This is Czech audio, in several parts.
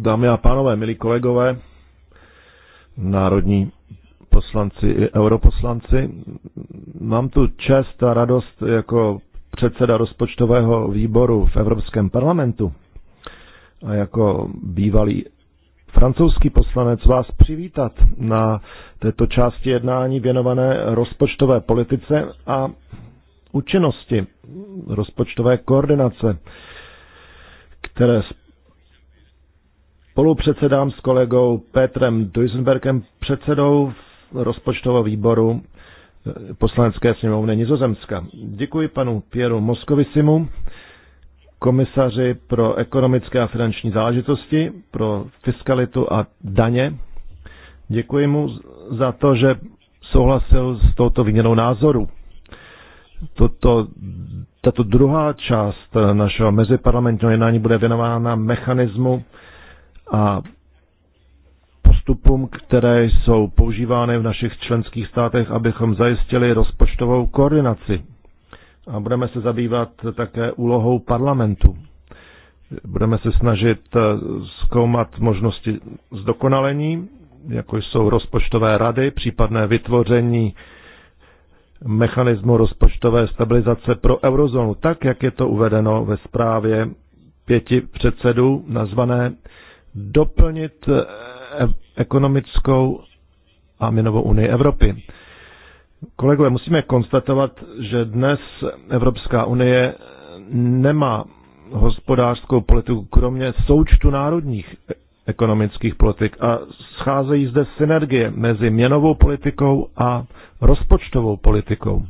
Dámy a pánové, milí kolegové, národní poslanci i europoslanci, mám tu čest a radost jako předseda rozpočtového výboru v Evropském parlamentu a jako bývalý francouzský poslanec vás přivítat na této části jednání věnované rozpočtové politice a účinnosti rozpočtové koordinace, které spolupředsedám s kolegou Petrem Duisenbergem, předsedou rozpočtového výboru eh, poslanecké sněmovny Nizozemska. Děkuji panu Pieru Moskovisimu, komisaři pro ekonomické a finanční záležitosti, pro fiskalitu a daně. Děkuji mu za to, že souhlasil s touto výměnou názoru. Toto, tato druhá část našeho meziparlamentního jednání bude věnována mechanismu a postupům, které jsou používány v našich členských státech, abychom zajistili rozpočtovou koordinaci. A budeme se zabývat také úlohou parlamentu. Budeme se snažit eh, zkoumat možnosti zdokonalení, jako jsou rozpočtové rady, případné vytvoření mechanismu rozpočtové stabilizace pro eurozónu, tak jak je to uvedeno ve zprávě pěti předsedů nazvané doplnit eh, ekonomickou a měnovou unii Evropy. Kolegové, musíme konstatovat, že dnes Evropská unie nemá hospodářskou politiku, kromě součtu národních ekonomických politik a scházejí zde synergie mezi měnovou politikou a rozpočtovou politikou.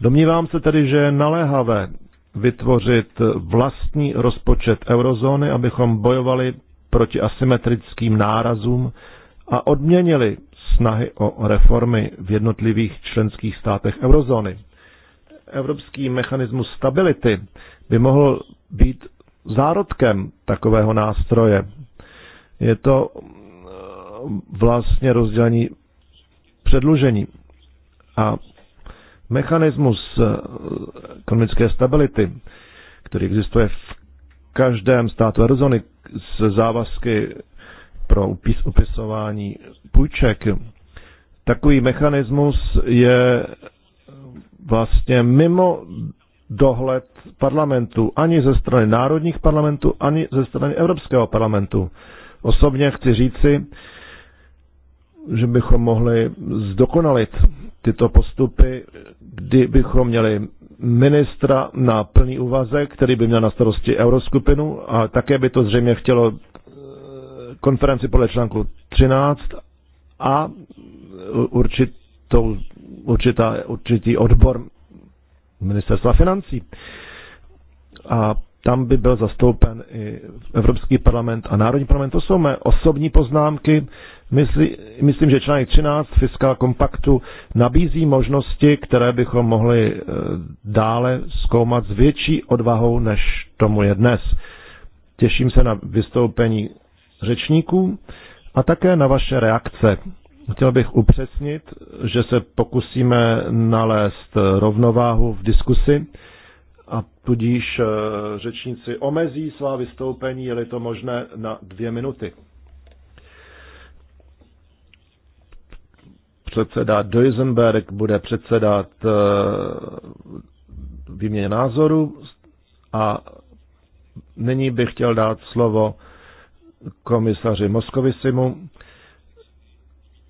Domnívám se tedy, že je naléhavé vytvořit vlastní rozpočet eurozóny, abychom bojovali proti asymetrickým nárazům a odměnili snahy o reformy v jednotlivých členských státech eurozóny. Evropský mechanismus stability by mohl být zárodkem takového nástroje. Je to eh, vlastně rozdělení předlužení. A mechanismus eh, ekonomické stability, který existuje v každém státu eurozóny, z závazky pro upisování půjček, takový mechanismus je vlastně mimo dohled parlamentu, ani ze strany národních parlamentů, ani ze strany Evropského parlamentu. Osobně chci říci, že bychom mohli zdokonalit tyto postupy, kdybychom měli ministra na plný úvazek, který by měl na starosti euroskupinu a také by to zřejmě chtělo eh, konferenci podle článku 13 a eh, určitou, určitá, určitý odbor ministerstva financí. A tam by byl zastoupen i Evropský parlament a Národní parlament. To jsou mé osobní poznámky Myslí, myslím, že článek 13 fiskál kompaktu nabízí možnosti, které bychom mohli eh, dále zkoumat s větší odvahou, než tomu je dnes. Těším se na vystoupení řečníků a také na vaše reakce. Chtěl bych upřesnit, že se pokusíme nalézt eh, rovnováhu v diskusi a tudíž eh, řečníci omezí svá vystoupení, je-li to možné, na dvě minuty. předseda Duisenberg bude předsedat eh, výměně názoru a nyní bych chtěl dát slovo komisaři Moskovisimu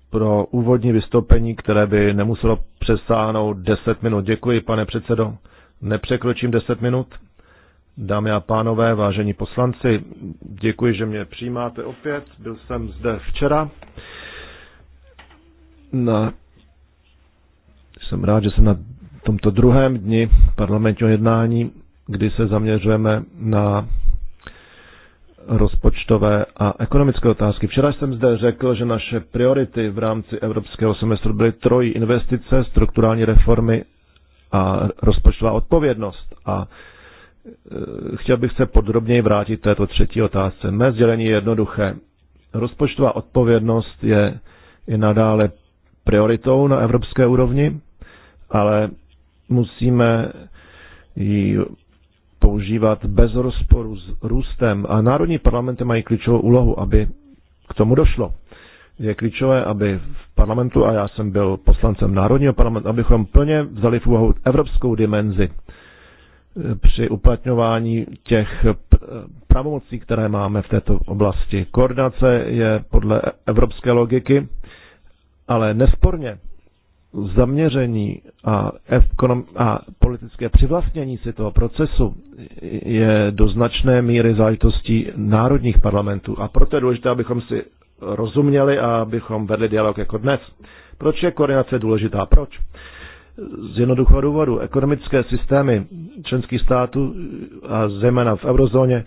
pro úvodní vystoupení, které by nemuselo přesáhnout 10 minut. Děkuji, pane předsedo. Nepřekročím 10 minut. Dámy a pánové, vážení poslanci, děkuji, že mě přijímáte opět. Byl jsem zde včera na, jsem rád, že jsem na tomto druhém dni parlamentního jednání, kdy se zaměřujeme na rozpočtové a ekonomické otázky. Včera jsem zde řekl, že naše priority v rámci evropského semestru byly trojí investice, strukturální reformy a rozpočtová odpovědnost. A e, chtěl bych se podrobněji vrátit této třetí otázce. Mé sdělení je jednoduché. Rozpočtová odpovědnost je i nadále prioritou na evropské úrovni, ale musíme ji používat bez rozporu s růstem. A národní parlamenty mají klíčovou úlohu, aby k tomu došlo. Je klíčové, aby v parlamentu, a já jsem byl poslancem Národního parlamentu, abychom plně vzali v úvahu evropskou dimenzi při uplatňování těch pravomocí, které máme v této oblasti. Koordinace je podle evropské logiky ale nesporně zaměření a, ekonom- a politické přivlastnění si toho procesu je do značné míry záležitostí národních parlamentů. A proto je důležité, abychom si rozuměli a abychom vedli dialog jako dnes. Proč je koordinace důležitá? Proč? Z jednoduchého důvodu. Ekonomické systémy členských států a zejména v eurozóně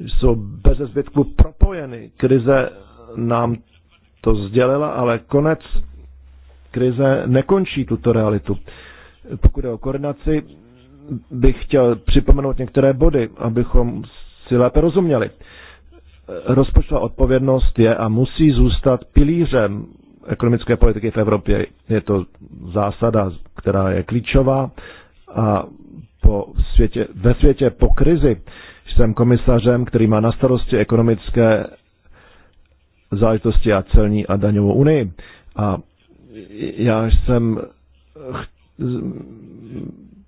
jsou bez zbytku propojeny. Krize nám to sdělila, ale konec krize nekončí tuto realitu. Pokud je o koordinaci, bych chtěl připomenout některé body, abychom si lépe rozuměli. Rozpočtová odpovědnost je a musí zůstat pilířem ekonomické politiky v Evropě. Je to zásada, která je klíčová a po světě, ve světě po krizi jsem komisařem, který má na starosti ekonomické záležitosti a celní a daňovou unii. A já jsem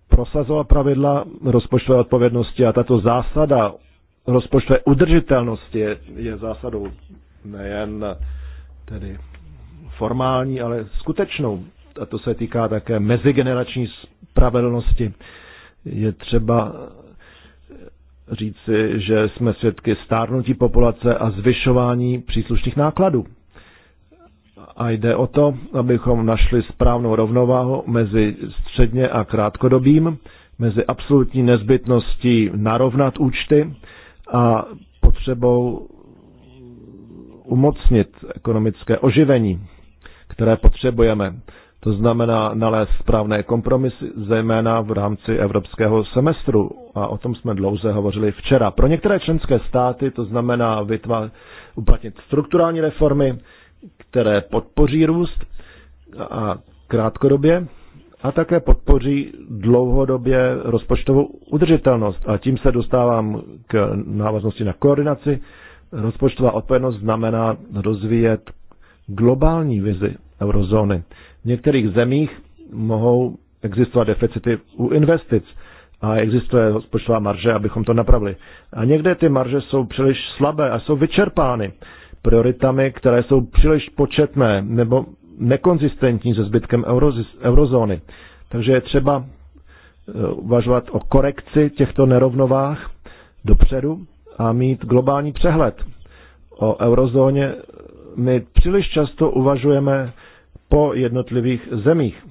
prosazoval pravidla rozpočtové odpovědnosti a tato zásada rozpočtové udržitelnosti je, je zásadou nejen tedy formální, ale skutečnou. A to se týká také mezigenerační spravedlnosti. Je třeba říci, že jsme svědky stárnutí populace a zvyšování příslušných nákladů. A jde o to, abychom našli správnou rovnováhu mezi středně a krátkodobým, mezi absolutní nezbytností narovnat účty a potřebou umocnit ekonomické oživení, které potřebujeme. To znamená nalézt správné kompromisy, zejména v rámci evropského semestru. A o tom jsme dlouze hovořili včera. Pro některé členské státy to znamená vytvář, uplatnit strukturální reformy, které podpoří růst a krátkodobě a také podpoří dlouhodobě rozpočtovou udržitelnost. A tím se dostávám k návaznosti na koordinaci. Rozpočtová odpovědnost znamená rozvíjet globální vizi eurozóny. V některých zemích mohou existovat deficity u investic a existuje rozpočtová marže, abychom to napravili. A někde ty marže jsou příliš slabé a jsou vyčerpány prioritami, které jsou příliš početné nebo nekonzistentní se zbytkem eurozóny. Takže je třeba eh, uvažovat o korekci těchto nerovnovách dopředu a mít globální přehled. O eurozóně my příliš často uvažujeme po jednotlivých zemích.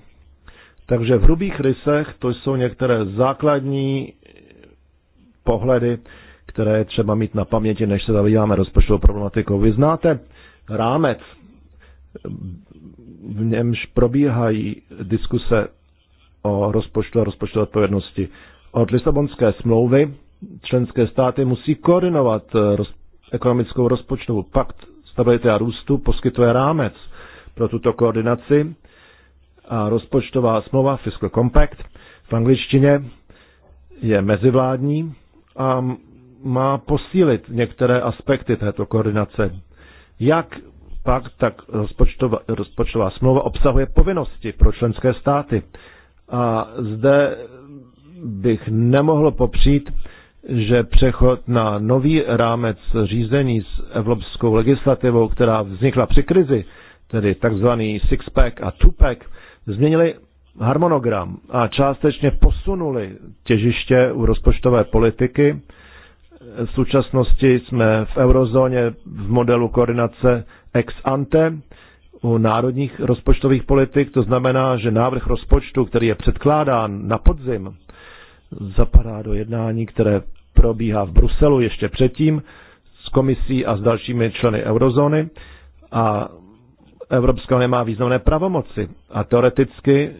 Takže v hrubých rysech to jsou některé základní pohledy, které je třeba mít na paměti, než se zabýváme rozpočtovou problematikou. Vy znáte rámec, v němž probíhají diskuse o rozpočtu a rozpočtové odpovědnosti. Od Lisabonské smlouvy členské státy musí koordinovat eh, roz, ekonomickou rozpočtovou pakt stability a růstu, poskytuje rámec – pro tuto koordinaci a rozpočtová smlouva Fiscal Compact v angličtině je mezivládní a má posílit některé aspekty této koordinace. Jak pak, tak rozpočtová, rozpočtová smlouva obsahuje povinnosti pro členské státy. A zde bych nemohl popřít, že přechod na nový rámec řízení s evropskou legislativou, která vznikla při krizi, tedy takzvaný six-pack a two-pack, změnili harmonogram a částečně posunuli těžiště u rozpočtové politiky. V současnosti jsme v eurozóně v modelu koordinace ex ante u národních rozpočtových politik, to znamená, že návrh rozpočtu, který je předkládán na podzim, zapadá do jednání, které probíhá v Bruselu ještě předtím s komisí a s dalšími členy eurozóny a Evropská unie má významné pravomoci a teoreticky,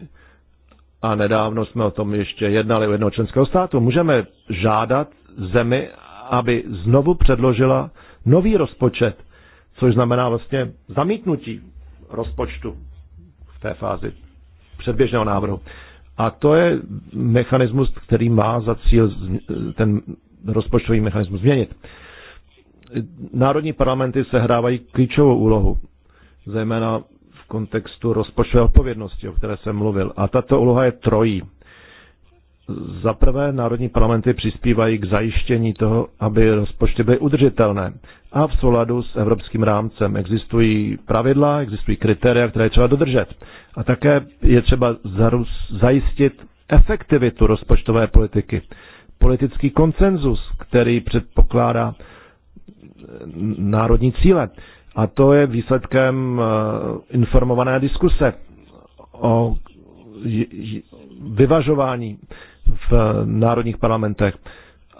a nedávno jsme o tom ještě jednali u jednoho členského státu, můžeme žádat zemi, aby znovu předložila nový rozpočet, což znamená vlastně zamítnutí rozpočtu v té fázi předběžného návrhu. A to je mechanismus, který má za cíl ten rozpočtový mechanismus změnit. Národní parlamenty sehrávají klíčovou úlohu zejména v kontextu rozpočtové odpovědnosti, o které jsem mluvil. A tato úloha je trojí. Za prvé, národní parlamenty přispívají k zajištění toho, aby rozpočty byly udržitelné. A v souladu s evropským rámcem existují pravidla, existují kritéria, které je třeba dodržet. A také je třeba zajistit efektivitu rozpočtové politiky. Politický konsenzus, který předpokládá národní cíle. A to je výsledkem eh, informované diskuse o vyvažování v eh, národních parlamentech.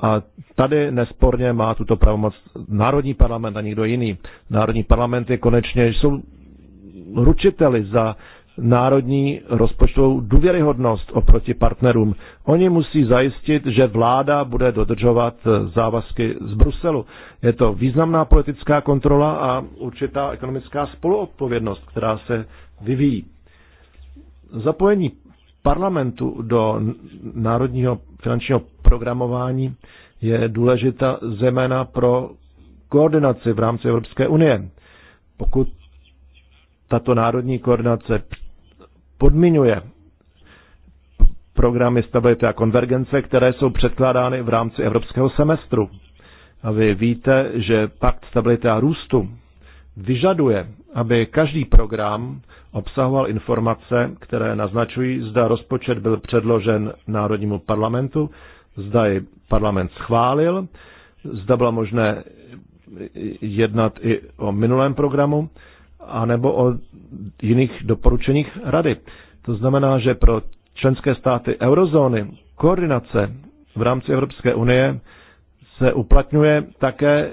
A tady nesporně má tuto pravomoc Národní parlament a nikdo jiný. Národní parlamenty konečně jsou ručiteli za národní rozpočtovou důvěryhodnost oproti partnerům. Oni musí zajistit, že vláda bude dodržovat eh, závazky z Bruselu. Je to významná politická kontrola a určitá ekonomická spoluodpovědnost, která se vyvíjí. Zapojení parlamentu do národního finančního programování je důležitá zejména pro koordinaci v rámci Evropské unie. Pokud tato národní koordinace podmiňuje programy stability a konvergence, které jsou předkládány v rámci evropského semestru. A vy víte, že pakt stability a růstu vyžaduje, aby každý program obsahoval informace, které naznačují, zda rozpočet byl předložen Národnímu parlamentu, zda ji parlament schválil, zda bylo možné jednat i o minulém programu anebo o jiných doporučeních rady. To znamená, že pro členské státy eurozóny koordinace v rámci Evropské unie se uplatňuje také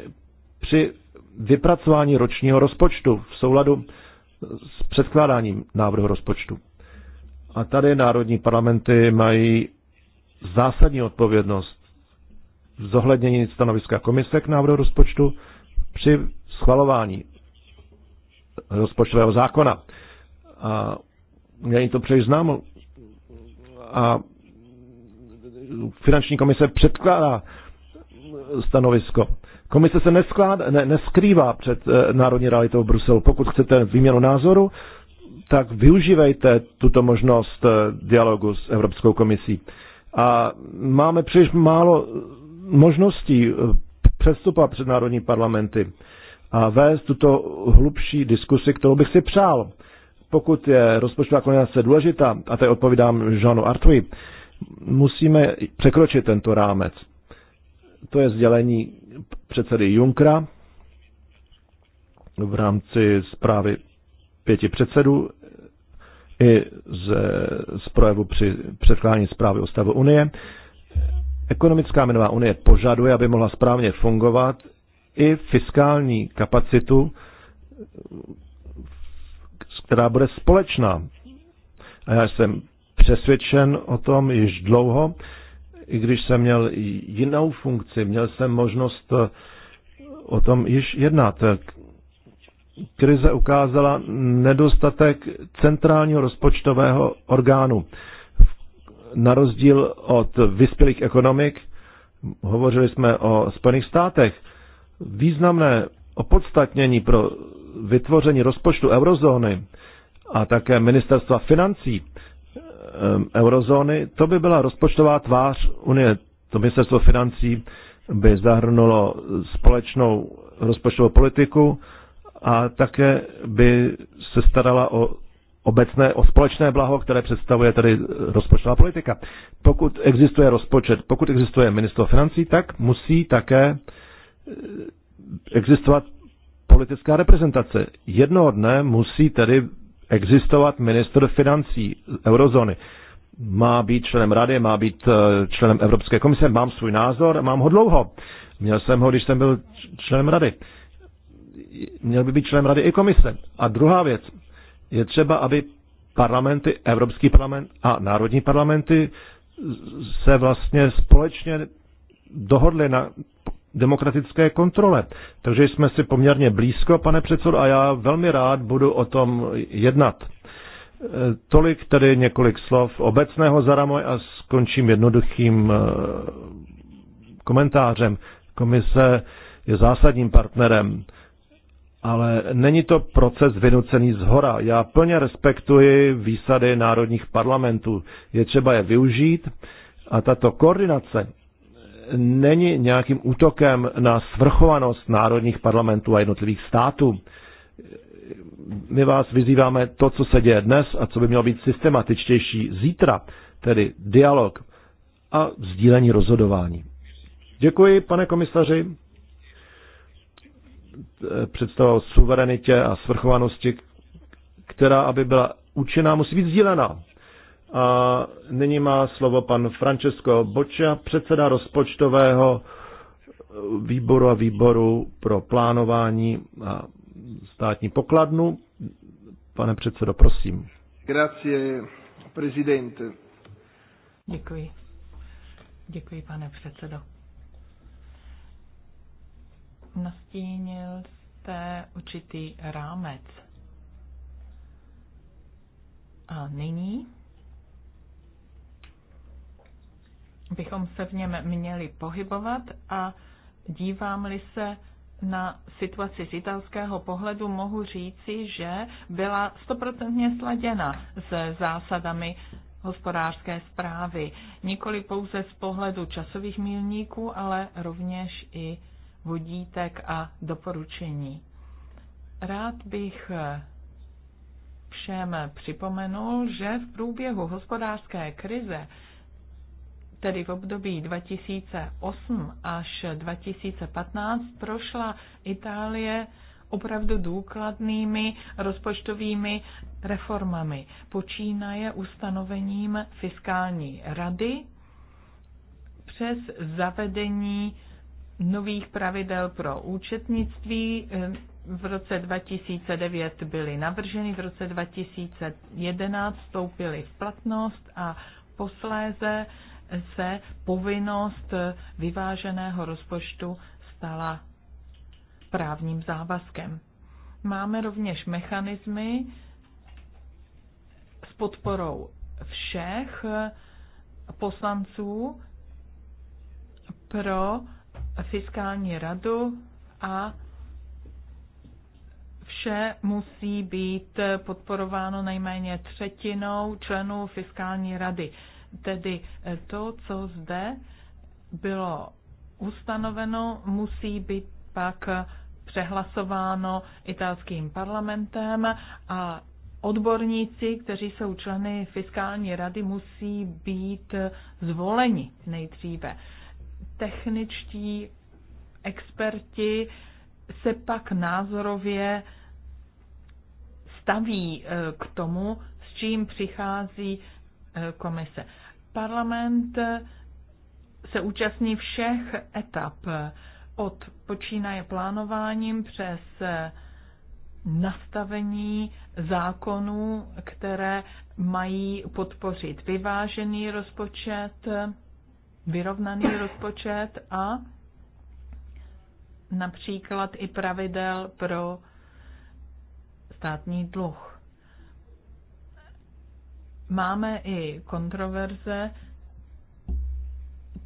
při vypracování ročního rozpočtu v souladu s předkládáním návrhu rozpočtu. A tady národní parlamenty mají zásadní odpovědnost v zohlednění stanoviska komise k návrhu rozpočtu při schvalování rozpočtového zákona. A jim to přeji známo. A finanční komise předkládá stanovisko. Komise se neskládá, ne, neskrývá před e, národní realitou v Bruselu. Pokud chcete výměnu názoru, tak využívejte tuto možnost e, dialogu s Evropskou komisí. A máme příliš málo možností eh, přestupovat před národní parlamenty a vést tuto hlubší diskusi, kterou bych si přál. Pokud je rozpočtová koordinace důležitá, a tady odpovídám Jeanu Artui, musíme překročit tento rámec. To je sdělení předsedy Junkra v rámci zprávy pěti předsedů i z, z projevu při předkládání zprávy o stavu Unie. Ekonomická měnová unie požaduje, aby mohla správně fungovat, i fiskální kapacitu, která bude společná. A já jsem přesvědčen o tom již dlouho, i když jsem měl jinou funkci, měl jsem možnost eh, o tom již jednat. Krize ukázala nedostatek centrálního rozpočtového orgánu. Na rozdíl od vyspělých ekonomik, hovořili jsme o Spojených státech, významné opodstatnění pro vytvoření rozpočtu eurozóny a také ministerstva financí eh, eurozóny, to by byla rozpočtová tvář Unie. To ministerstvo financí by zahrnulo společnou rozpočtovou politiku a také by se starala o obecné, o společné blaho, které představuje tedy rozpočtová politika. Pokud existuje rozpočet, pokud existuje ministerstvo financí, tak musí také Eh, existovat politická reprezentace. Jednoho dne musí tedy existovat minister financí eurozóny. Má být členem rady, má být eh, členem Evropské komise, mám svůj názor, mám ho dlouho. Měl jsem ho, když jsem byl členem rady. Měl by být členem rady i komise. A druhá věc, je třeba, aby parlamenty, Evropský parlament a národní parlamenty se vlastně společně dohodly na demokratické kontrole. Takže jsme si poměrně blízko, pane předsedo, a já velmi rád budu o tom jednat. E, tolik tedy několik slov obecného zaramoj a skončím jednoduchým e, komentářem. Komise je zásadním partnerem, ale není to proces vynucený z hora. Já plně respektuji výsady národních parlamentů. Je třeba je využít a tato koordinace není nějakým útokem na svrchovanost národních parlamentů a jednotlivých států. My vás vyzýváme to, co se děje dnes a co by mělo být systematičtější zítra, tedy dialog a sdílení rozhodování. Děkuji, pane komisaři. Představa o suverenitě a svrchovanosti, která, aby byla účinná, musí být sdílená. A nyní má slovo pan Francesco Boccia, předseda rozpočtového výboru a výboru pro plánování a státní pokladnu. Pane předsedo, prosím. Grazie, prezidente. Děkuji. Děkuji, pane předsedo. Nastínil jste určitý rámec. A nyní bychom se v něm měli pohybovat a dívám-li se na situaci z italského pohledu, mohu říci, že byla stoprocentně sladěna s zásadami hospodářské zprávy. Nikoli pouze z pohledu časových milníků, ale rovněž i vodítek a doporučení. Rád bych všem připomenul, že v průběhu hospodářské krize tedy v období 2008 až 2015 prošla Itálie opravdu důkladnými rozpočtovými reformami. Počínaje ustanovením fiskální rady přes zavedení nových pravidel pro účetnictví. V roce 2009 byly navrženy, v roce 2011 vstoupily v platnost a posléze se povinnost vyváženého rozpočtu stala právním závazkem. Máme rovněž mechanismy s podporou všech poslanců pro fiskální radu a vše musí být podporováno nejméně třetinou členů fiskální rady. Tedy eh, to, co zde bylo ustanoveno, musí být pak přehlasováno italským parlamentem a odborníci, kteří jsou členy fiskální rady, musí být zvoleni nejdříve. Techničtí experti se pak názorově staví eh, k tomu, s čím přichází eh, komise. Parlament se účastní všech etap, od počínaje plánováním přes nastavení zákonů, které mají podpořit vyvážený rozpočet, vyrovnaný rozpočet a například i pravidel pro státní dluh máme i kontroverze,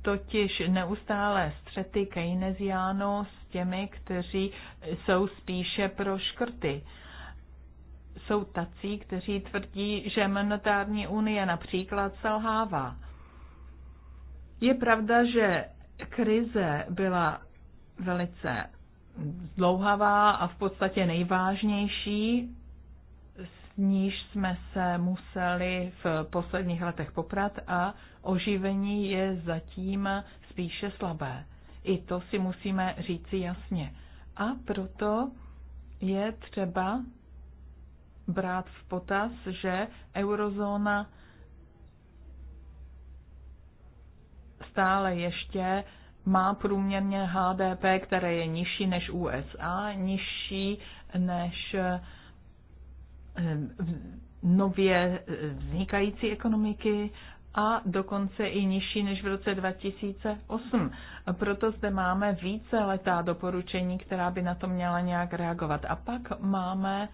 totiž neustále střety keynesiánů s těmi, kteří jsou spíše pro škrty. Jsou tací, kteří tvrdí, že monetární unie například selhává. Je pravda, že krize byla velice zdlouhavá a v podstatě nejvážnější níž jsme se museli v posledních letech poprat a oživení je zatím spíše slabé. I to si musíme říci jasně. A proto je třeba brát v potaz, že eurozóna stále ještě má průměrně HDP, které je nižší než USA, nižší než Ehm, nově eh, vznikající ekonomiky a dokonce i nižší než v roce 2008. Proto zde máme více letá doporučení, která by na to měla nějak reagovat. A pak máme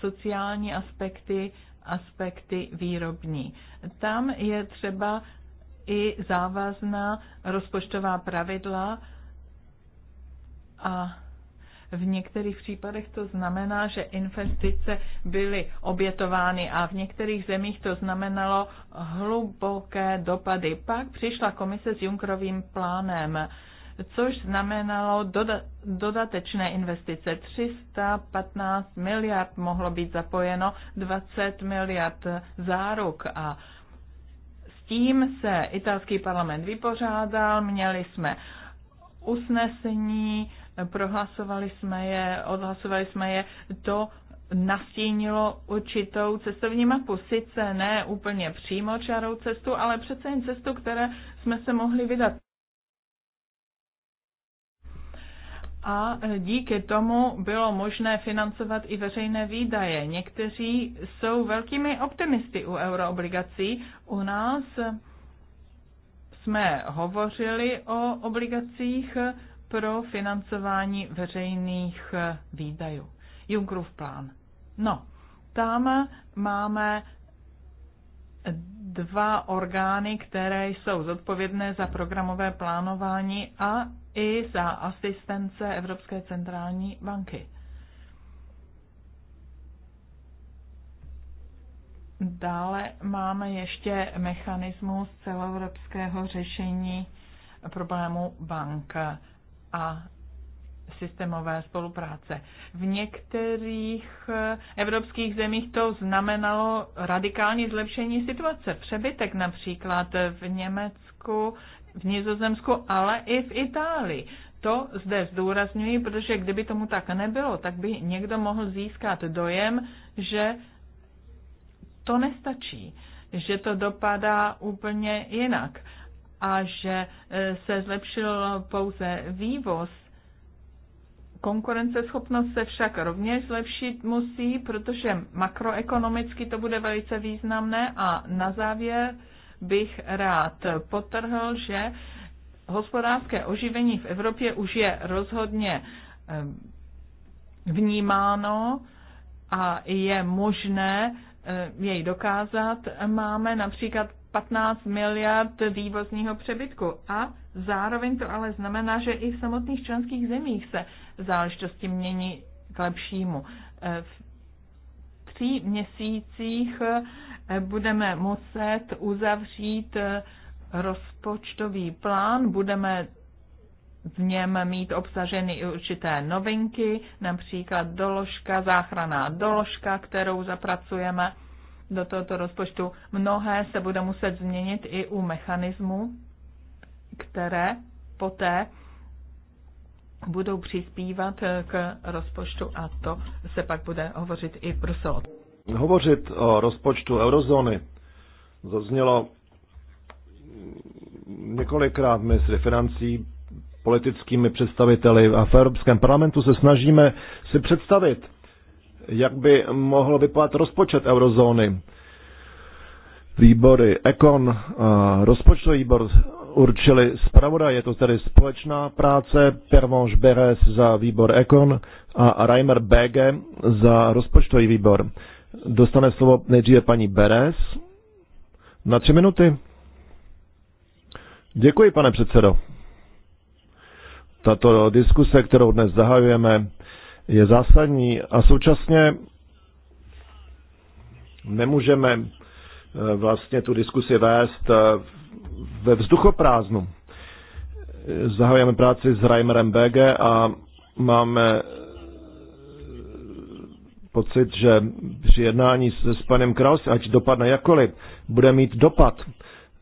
sociální aspekty, aspekty výrobní. Tam je třeba i závazná rozpočtová pravidla a v některých případech to znamená, že investice byly obětovány a v některých zemích to znamenalo hluboké dopady. Pak přišla komise s Junkrovým plánem což znamenalo doda- dodatečné investice. 315 miliard mohlo být zapojeno, 20 miliard záruk a s tím se italský parlament vypořádal, měli jsme usnesení, prohlasovali jsme je, odhlasovali jsme je, to nastínilo určitou cestovní mapu. Sice ne úplně přímo čarou cestu, ale přece jen cestu, které jsme se mohli vydat. A díky tomu bylo možné financovat i veřejné výdaje. Někteří jsou velkými optimisty u euroobligací. U nás jsme hovořili o obligacích pro financování veřejných eh, výdajů. Junckerův plán. No, tam máme dva orgány, které jsou zodpovědné za programové plánování a i za asistence Evropské centrální banky. Dále máme ještě mechanismus celoevropského řešení problému bank a systémové spolupráce. V některých eh, evropských zemích to znamenalo radikální zlepšení situace. Přebytek například v Německu, v Nizozemsku, ale i v Itálii. To zde zdůrazňuji, protože kdyby tomu tak nebylo, tak by někdo mohl získat dojem, že to nestačí, že to dopadá úplně jinak a že e, se zlepšil pouze vývoz. Konkurenceschopnost se však rovněž zlepšit musí, protože makroekonomicky to bude velice významné a na závěr bych rád potrhl, že hospodářské oživení v Evropě už je rozhodně e, vnímáno a je možné e, jej dokázat. Máme například 15 miliard vývozního přebytku. A zároveň to ale znamená, že i v samotných členských zemích se záležitosti mění k lepšímu. E, v tří měsících e, budeme muset uzavřít e, rozpočtový plán, budeme v něm mít obsaženy i určité novinky, například doložka, záchraná doložka, kterou zapracujeme do tohoto rozpočtu. Mnohé se bude muset změnit i u mechanismů, které poté budou přispívat k rozpočtu a to se pak bude hovořit i v Bruselu. Hovořit o rozpočtu eurozóny zaznělo několikrát s financí, politickými představiteli a v Evropském parlamentu se snažíme si představit, jak by mohl vypadat rozpočet eurozóny. Výbory Ekon a rozpočtový výbor určili zpravodaj, je to tedy společná práce, Pervonš Beres za výbor Ekon a Reimer BG za rozpočtový výbor. Dostane slovo nejdříve paní Beres na tři minuty. Děkuji, pane předsedo. Tato diskuse, kterou dnes zahajujeme, je zásadní a současně nemůžeme eh, vlastně tu diskusi vést eh, ve vzduchoprázdnu. Eh, zahajujeme práci s Reimerem BG a máme pocit, že při jednání s, s panem Kraus, ať dopadne jakkoliv, bude mít dopad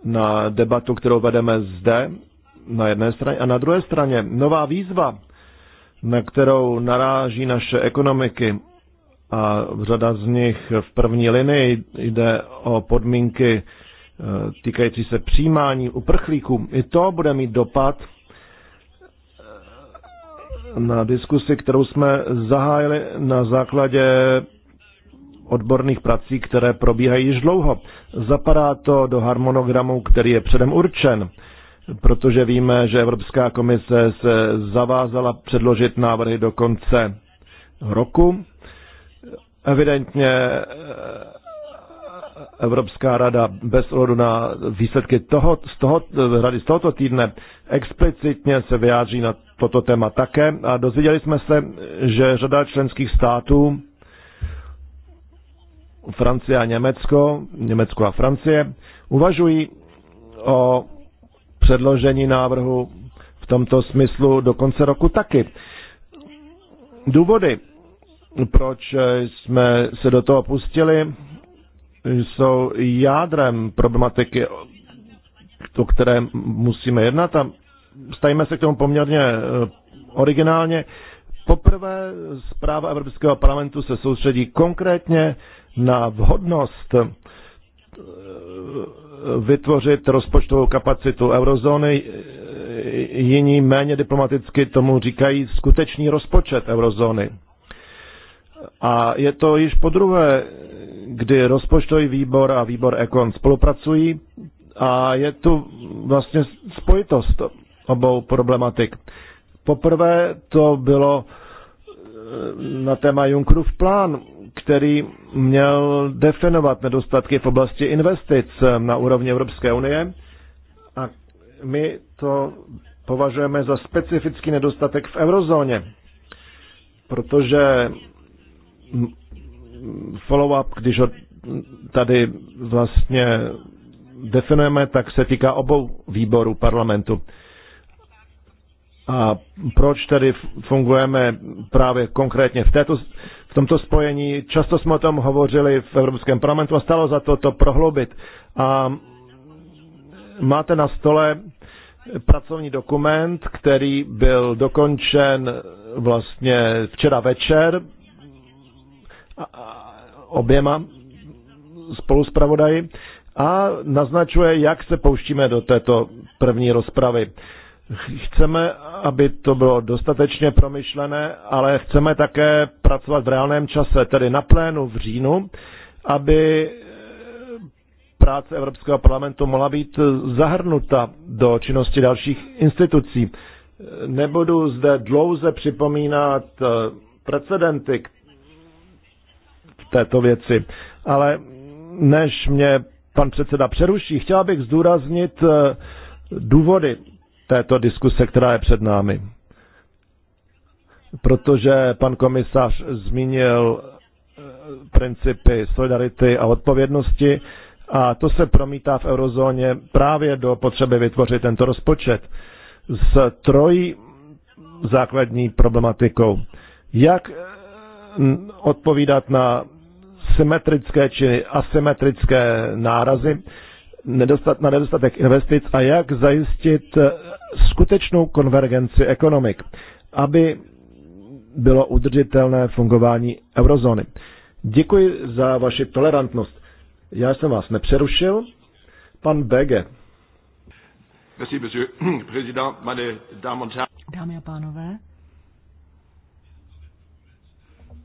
na debatu, kterou vedeme zde na jedné straně a na druhé straně nová výzva, na kterou naráží naše ekonomiky, a řada z nich v první linii jde o podmínky eh, týkající se přijímání uprchlíků. I to bude mít dopad eh, na diskusi, kterou jsme zahájili na základě odborných prací, které probíhají již dlouho. Zapadá to do harmonogramu, který je předem určen protože víme, že Evropská komise se zavázala předložit návrhy do konce roku. Evidentně eh, Evropská rada bez ohledu na výsledky toho, z toho, rady z tohoto týdne explicitně se vyjádří na toto téma také. A dozvěděli jsme se, že řada členských států, Francie a Německo, Německo a Francie, uvažují o předložení návrhu v tomto smyslu do konce roku taky. Důvody, proč jsme se do toho pustili, jsou jádrem problematiky, o které musíme jednat a stajíme se k tomu poměrně eh, originálně. Poprvé zpráva Evropského parlamentu se soustředí konkrétně na vhodnost vytvořit rozpočtovou kapacitu eurozóny. Jiní méně diplomaticky tomu říkají skutečný rozpočet eurozóny. A je to již po druhé, kdy rozpočtový výbor a výbor Ekon spolupracují a je tu vlastně spojitost obou problematik. Poprvé to bylo na téma Junckerův plán, který měl definovat nedostatky v oblasti investic na úrovni Evropské unie a my to považujeme za specifický nedostatek v eurozóně, protože follow-up, když ho tady vlastně definujeme, tak se týká obou výborů parlamentu. A proč tedy fungujeme právě konkrétně v, této, v tomto spojení? Často jsme o tom hovořili v Evropském parlamentu a stalo za to to prohloubit. A máte na stole pracovní dokument, který byl dokončen vlastně včera večer oběma spoluspravodaji a naznačuje, jak se pouštíme do této první rozpravy. Chceme, aby to bylo dostatečně promyšlené, ale chceme také pracovat v reálném čase, tedy na plénu v říjnu, aby práce Evropského parlamentu mohla být zahrnuta do činnosti dalších institucí. Nebudu zde dlouze připomínat eh, precedenty v této věci, ale než mě pan předseda přeruší, chtěla bych zdůraznit eh, důvody této diskuse, která je před námi. Protože pan komisař zmínil eh, principy solidarity a odpovědnosti a to se promítá v eurozóně právě do potřeby vytvořit tento rozpočet s trojí základní problematikou. Jak eh, odpovídat na symetrické či asymetrické nárazy, nedostat, na nedostatek investic a jak zajistit eh, skutečnou konvergenci ekonomik, aby bylo udržitelné fungování eurozóny. Děkuji za vaši tolerantnost. Já jsem vás nepřerušil. Pan Bege. Dámy a pánové,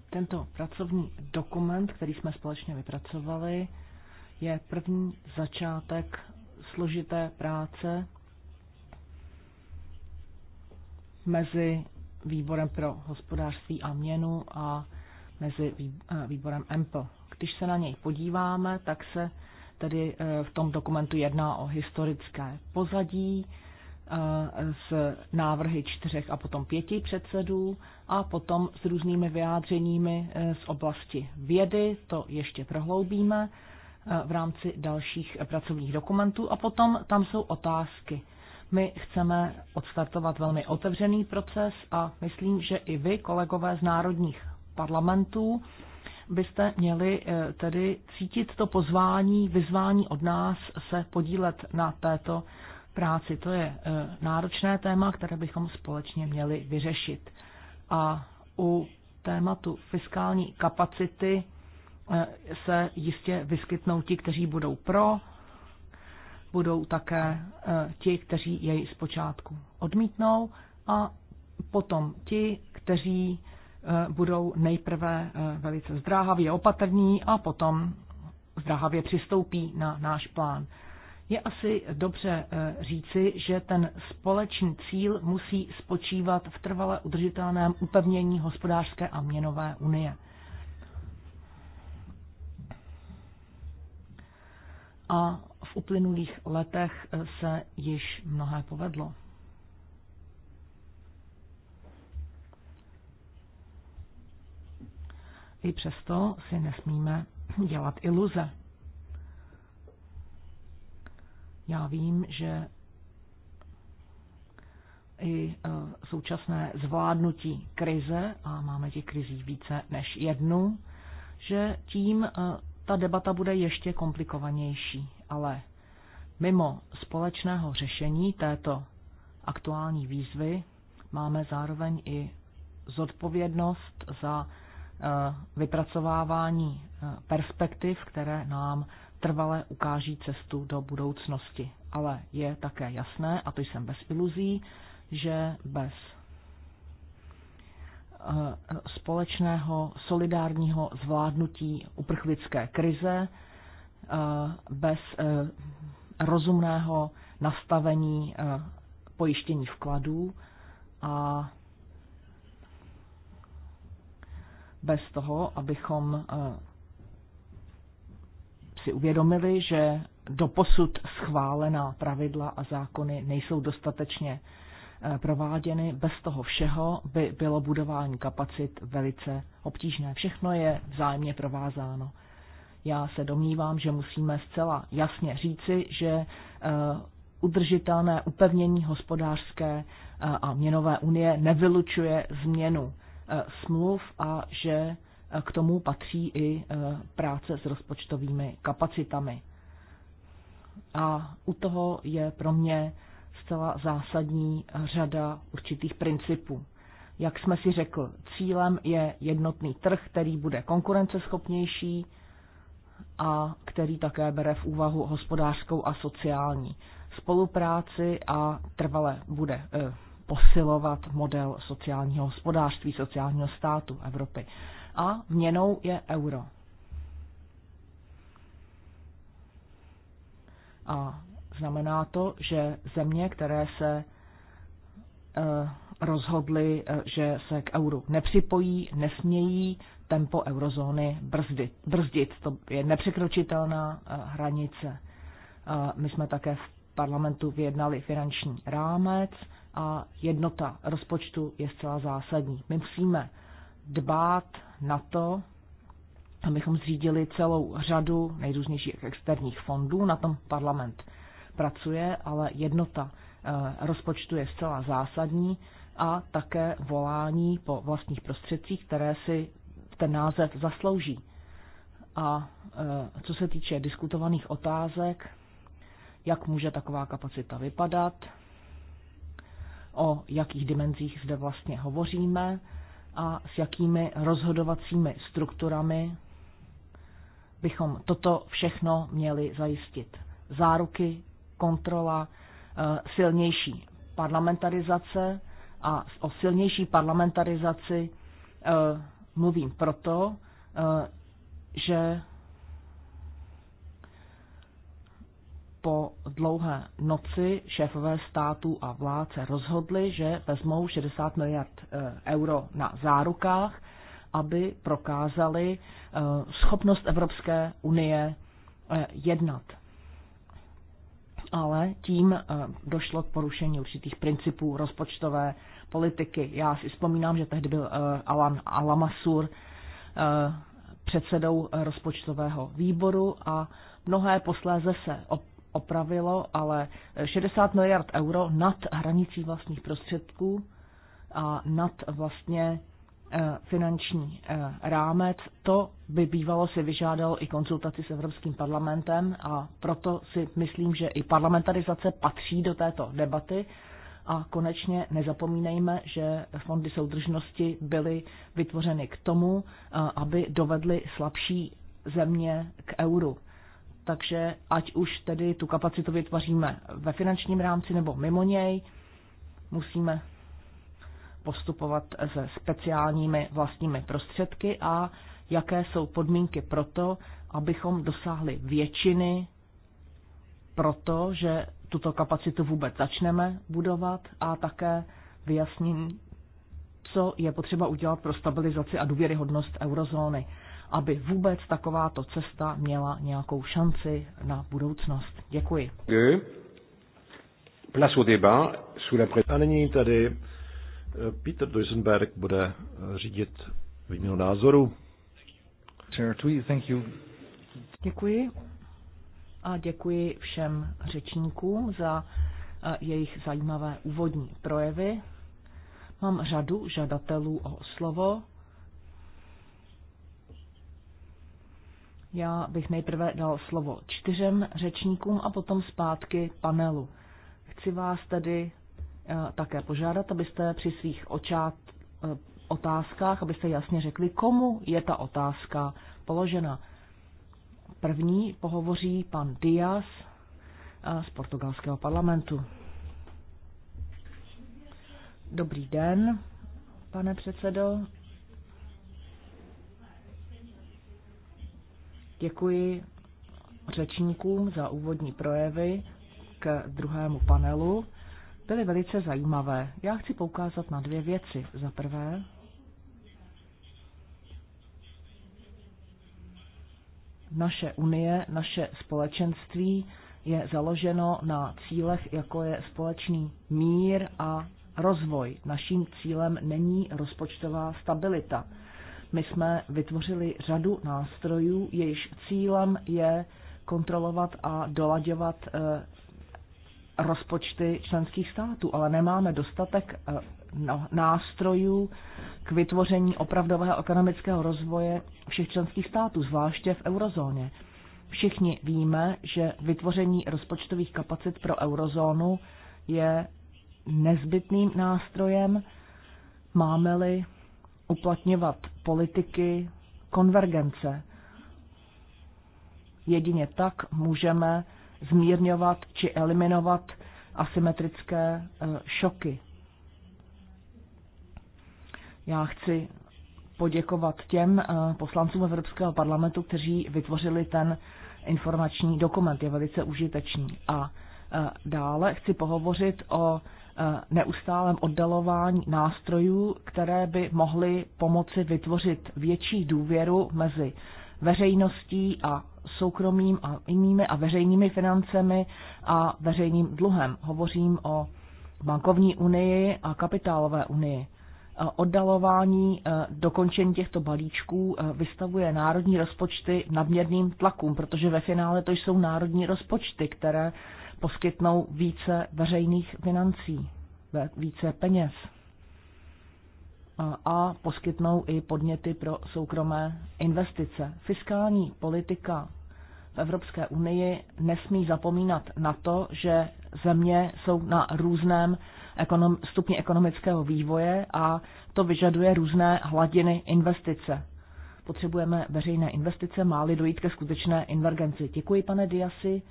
tento pracovní dokument, který jsme společně vypracovali, je první začátek složité práce mezi výborem pro hospodářství a měnu a mezi výborem EMPL. Když se na něj podíváme, tak se tedy eh, v tom dokumentu jedná o historické pozadí eh, s návrhy čtyřech a potom pěti předsedů a potom s různými vyjádřeními eh, z oblasti vědy, to ještě prohloubíme, v rámci dalších pracovních dokumentů a potom tam jsou otázky. My chceme odstartovat velmi otevřený proces a myslím, že i vy, kolegové z národních parlamentů, byste měli eh, tedy cítit to pozvání, vyzvání od nás se podílet na této práci. To je eh, náročné téma, které bychom společně měli vyřešit. A u tématu fiskální kapacity Eh, se jistě vyskytnou ti, kteří budou pro, budou také eh, ti, kteří jej zpočátku odmítnou a potom ti, kteří eh, budou nejprve velice zdráhavě opatrní a potom zdráhavě přistoupí na náš plán. Je asi dobře říci, že ten společný cíl musí spočívat v trvale udržitelném upevnění hospodářské a měnové unie. a v uplynulých letech se již mnohé povedlo. I přesto si nesmíme dělat iluze. Já vím, že i e, současné zvládnutí krize, a máme těch krizí více než jednu, že tím e, ta debata bude ještě komplikovanější, ale mimo společného řešení této aktuální výzvy máme zároveň i zodpovědnost za eh, vypracovávání eh, perspektiv, které nám trvale ukáží cestu do budoucnosti. Ale je také jasné, a to jsem bez iluzí, že bez Eh, společného solidárního zvládnutí uprchlické krize eh, bez eh, rozumného nastavení pojištění vkladů a bez toho, abychom si uvědomili, že doposud schválená pravidla a zákony nejsou dostatečně Eh, prováděny. Bez toho všeho by bylo budování kapacit velice obtížné. Všechno je vzájemně provázáno. Já se domnívám, že musíme zcela jasně říci, že eh, udržitelné upevnění hospodářské eh, a měnové unie nevylučuje změnu smluv a že k tomu patří i práce s rozpočtovými kapacitami. A u toho je pro mě zcela zásadní řada určitých principů. Jak jsme si řekl, cílem je jednotný trh, který bude konkurenceschopnější a který také bere v úvahu hospodářskou a sociální spolupráci a trvale bude e, posilovat model sociálního hospodářství, sociálního státu Evropy. A měnou je euro. A Znamená to, že země, které se eh, rozhodly, eh, že se k euru nepřipojí, nesmějí tempo eurozóny brzdit. brzdit. To je nepřekročitelná eh, hranice. My jsme také v parlamentu vyjednali finanční rámec a jednota rozpočtu je zcela zásadní. My musíme dbát na to, abychom zřídili celou řadu nejrůznějších externích fondů, na tom parlament pracuje, ale jednota eh, rozpočtu je zcela zásadní a také volání po vlastních prostředcích, které si ten název zaslouží. A eh, co se týče diskutovaných otázek, jak může taková kapacita vypadat, o jakých dimenzích zde vlastně hovoříme a s jakými rozhodovacími strukturami bychom toto všechno měli zajistit. Záruky kontrola eh, silnější parlamentarizace a o silnější parlamentarizaci eh, mluvím proto, eh, že po dlouhé noci šéfové států a vládce rozhodli, že vezmou 60 miliard euro na zárukách, aby prokázali schopnost Evropské unie jednat ale tím eh, došlo k porušení určitých principů rozpočtové politiky. Já si vzpomínám, že tehdy byl eh, Alan Alamasur eh, předsedou rozpočtového výboru a mnohé posléze se opravilo, ale 60 miliard euro nad hranicí vlastních prostředků a nad vlastně Eh, finanční eh, rámec, to by bývalo si vyžádalo i konzultaci s Evropským parlamentem a proto si myslím, že i parlamentarizace patří do této debaty. A konečně nezapomínejme, že fondy soudržnosti byly vytvořeny k tomu, eh, aby dovedly slabší země k euru. Takže ať už tedy tu kapacitu vytvoříme ve finančním rámci nebo mimo něj, musíme postupovat se speciálními vlastními prostředky a jaké jsou podmínky pro to, abychom dosáhli většiny to, že tuto kapacitu vůbec začneme budovat a také vyjasním, co je potřeba udělat pro stabilizaci a důvěryhodnost eurozóny, aby vůbec takováto cesta měla nějakou šanci na budoucnost. Děkuji. A nyní tady Peter Duisenberg bude řídit výměnu názoru. Děkuji a děkuji všem řečníkům za eh, jejich zajímavé úvodní projevy. Mám řadu žadatelů o slovo. Já bych nejprve dal slovo čtyřem řečníkům a potom zpátky panelu. Chci vás tedy Eh, také požádat, abyste při svých očát, eh, otázkách, abyste jasně řekli, komu je ta otázka položena. První pohovoří pan Diaz eh, z portugalského parlamentu. Dobrý den, pane předsedo. Děkuji řečníkům za úvodní projevy k druhému panelu byly velice zajímavé. Já chci poukázat na dvě věci. Za prvé, naše unie, naše společenství je založeno na cílech, jako je společný mír a rozvoj. Naším cílem není rozpočtová stabilita. My jsme vytvořili řadu nástrojů, jejichž cílem je kontrolovat a dolaďovat eh, rozpočty členských států, ale nemáme dostatek eh, no, nástrojů k vytvoření opravdového ekonomického rozvoje všech členských států, zvláště v eurozóně. Všichni víme, že vytvoření rozpočtových kapacit pro eurozónu je nezbytným nástrojem, máme-li uplatňovat politiky konvergence. Jedině tak můžeme zmírňovat či eliminovat asymetrické eh, šoky. Já chci poděkovat těm eh, poslancům Evropského parlamentu, kteří vytvořili ten informační dokument. Je velice užitečný. A eh, dále chci pohovořit o neustálém oddalování nástrojů, které by mohly pomoci vytvořit větší důvěru mezi veřejností a soukromými a, jinými a veřejnými financemi a veřejným dluhem. Hovořím o bankovní unii a kapitálové unii. Oddalování e, dokončení těchto balíčků e, vystavuje národní rozpočty nadměrným tlakům, protože ve finále to jsou národní rozpočty, které poskytnou více veřejných financí, více peněz a poskytnou i podněty pro soukromé investice. Fiskální politika v Evropské unii nesmí zapomínat na to, že země jsou na různém ekonom, stupni ekonomického vývoje a to vyžaduje různé hladiny investice. Potřebujeme veřejné investice, máli dojít ke skutečné invergenci. Děkuji, pane Diasi.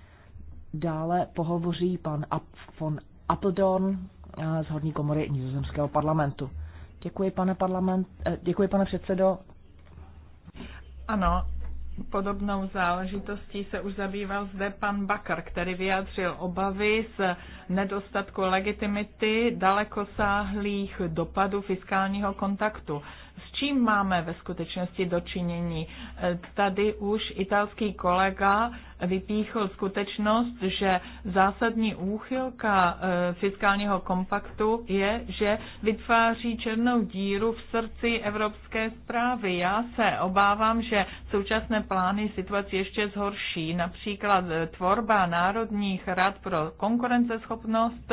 Dále pohovoří pan von Appledorn eh, z Horní komory Nizozemského parlamentu. Děkuji, pane, parlament, eh, děkuji, pane předsedo. Ano, podobnou záležitostí se už zabýval zde pan Bakar, který vyjádřil obavy z nedostatku legitimity dalekosáhlých dopadů fiskálního kontaktu s čím máme ve skutečnosti dočinění. Eh, tady už italský kolega vypíchl skutečnost, že zásadní úchylka eh, fiskálního kompaktu je, že vytváří černou díru v srdci evropské zprávy. Já se obávám, že současné plány situaci ještě zhorší. Například eh, tvorba národních rad pro konkurenceschopnost,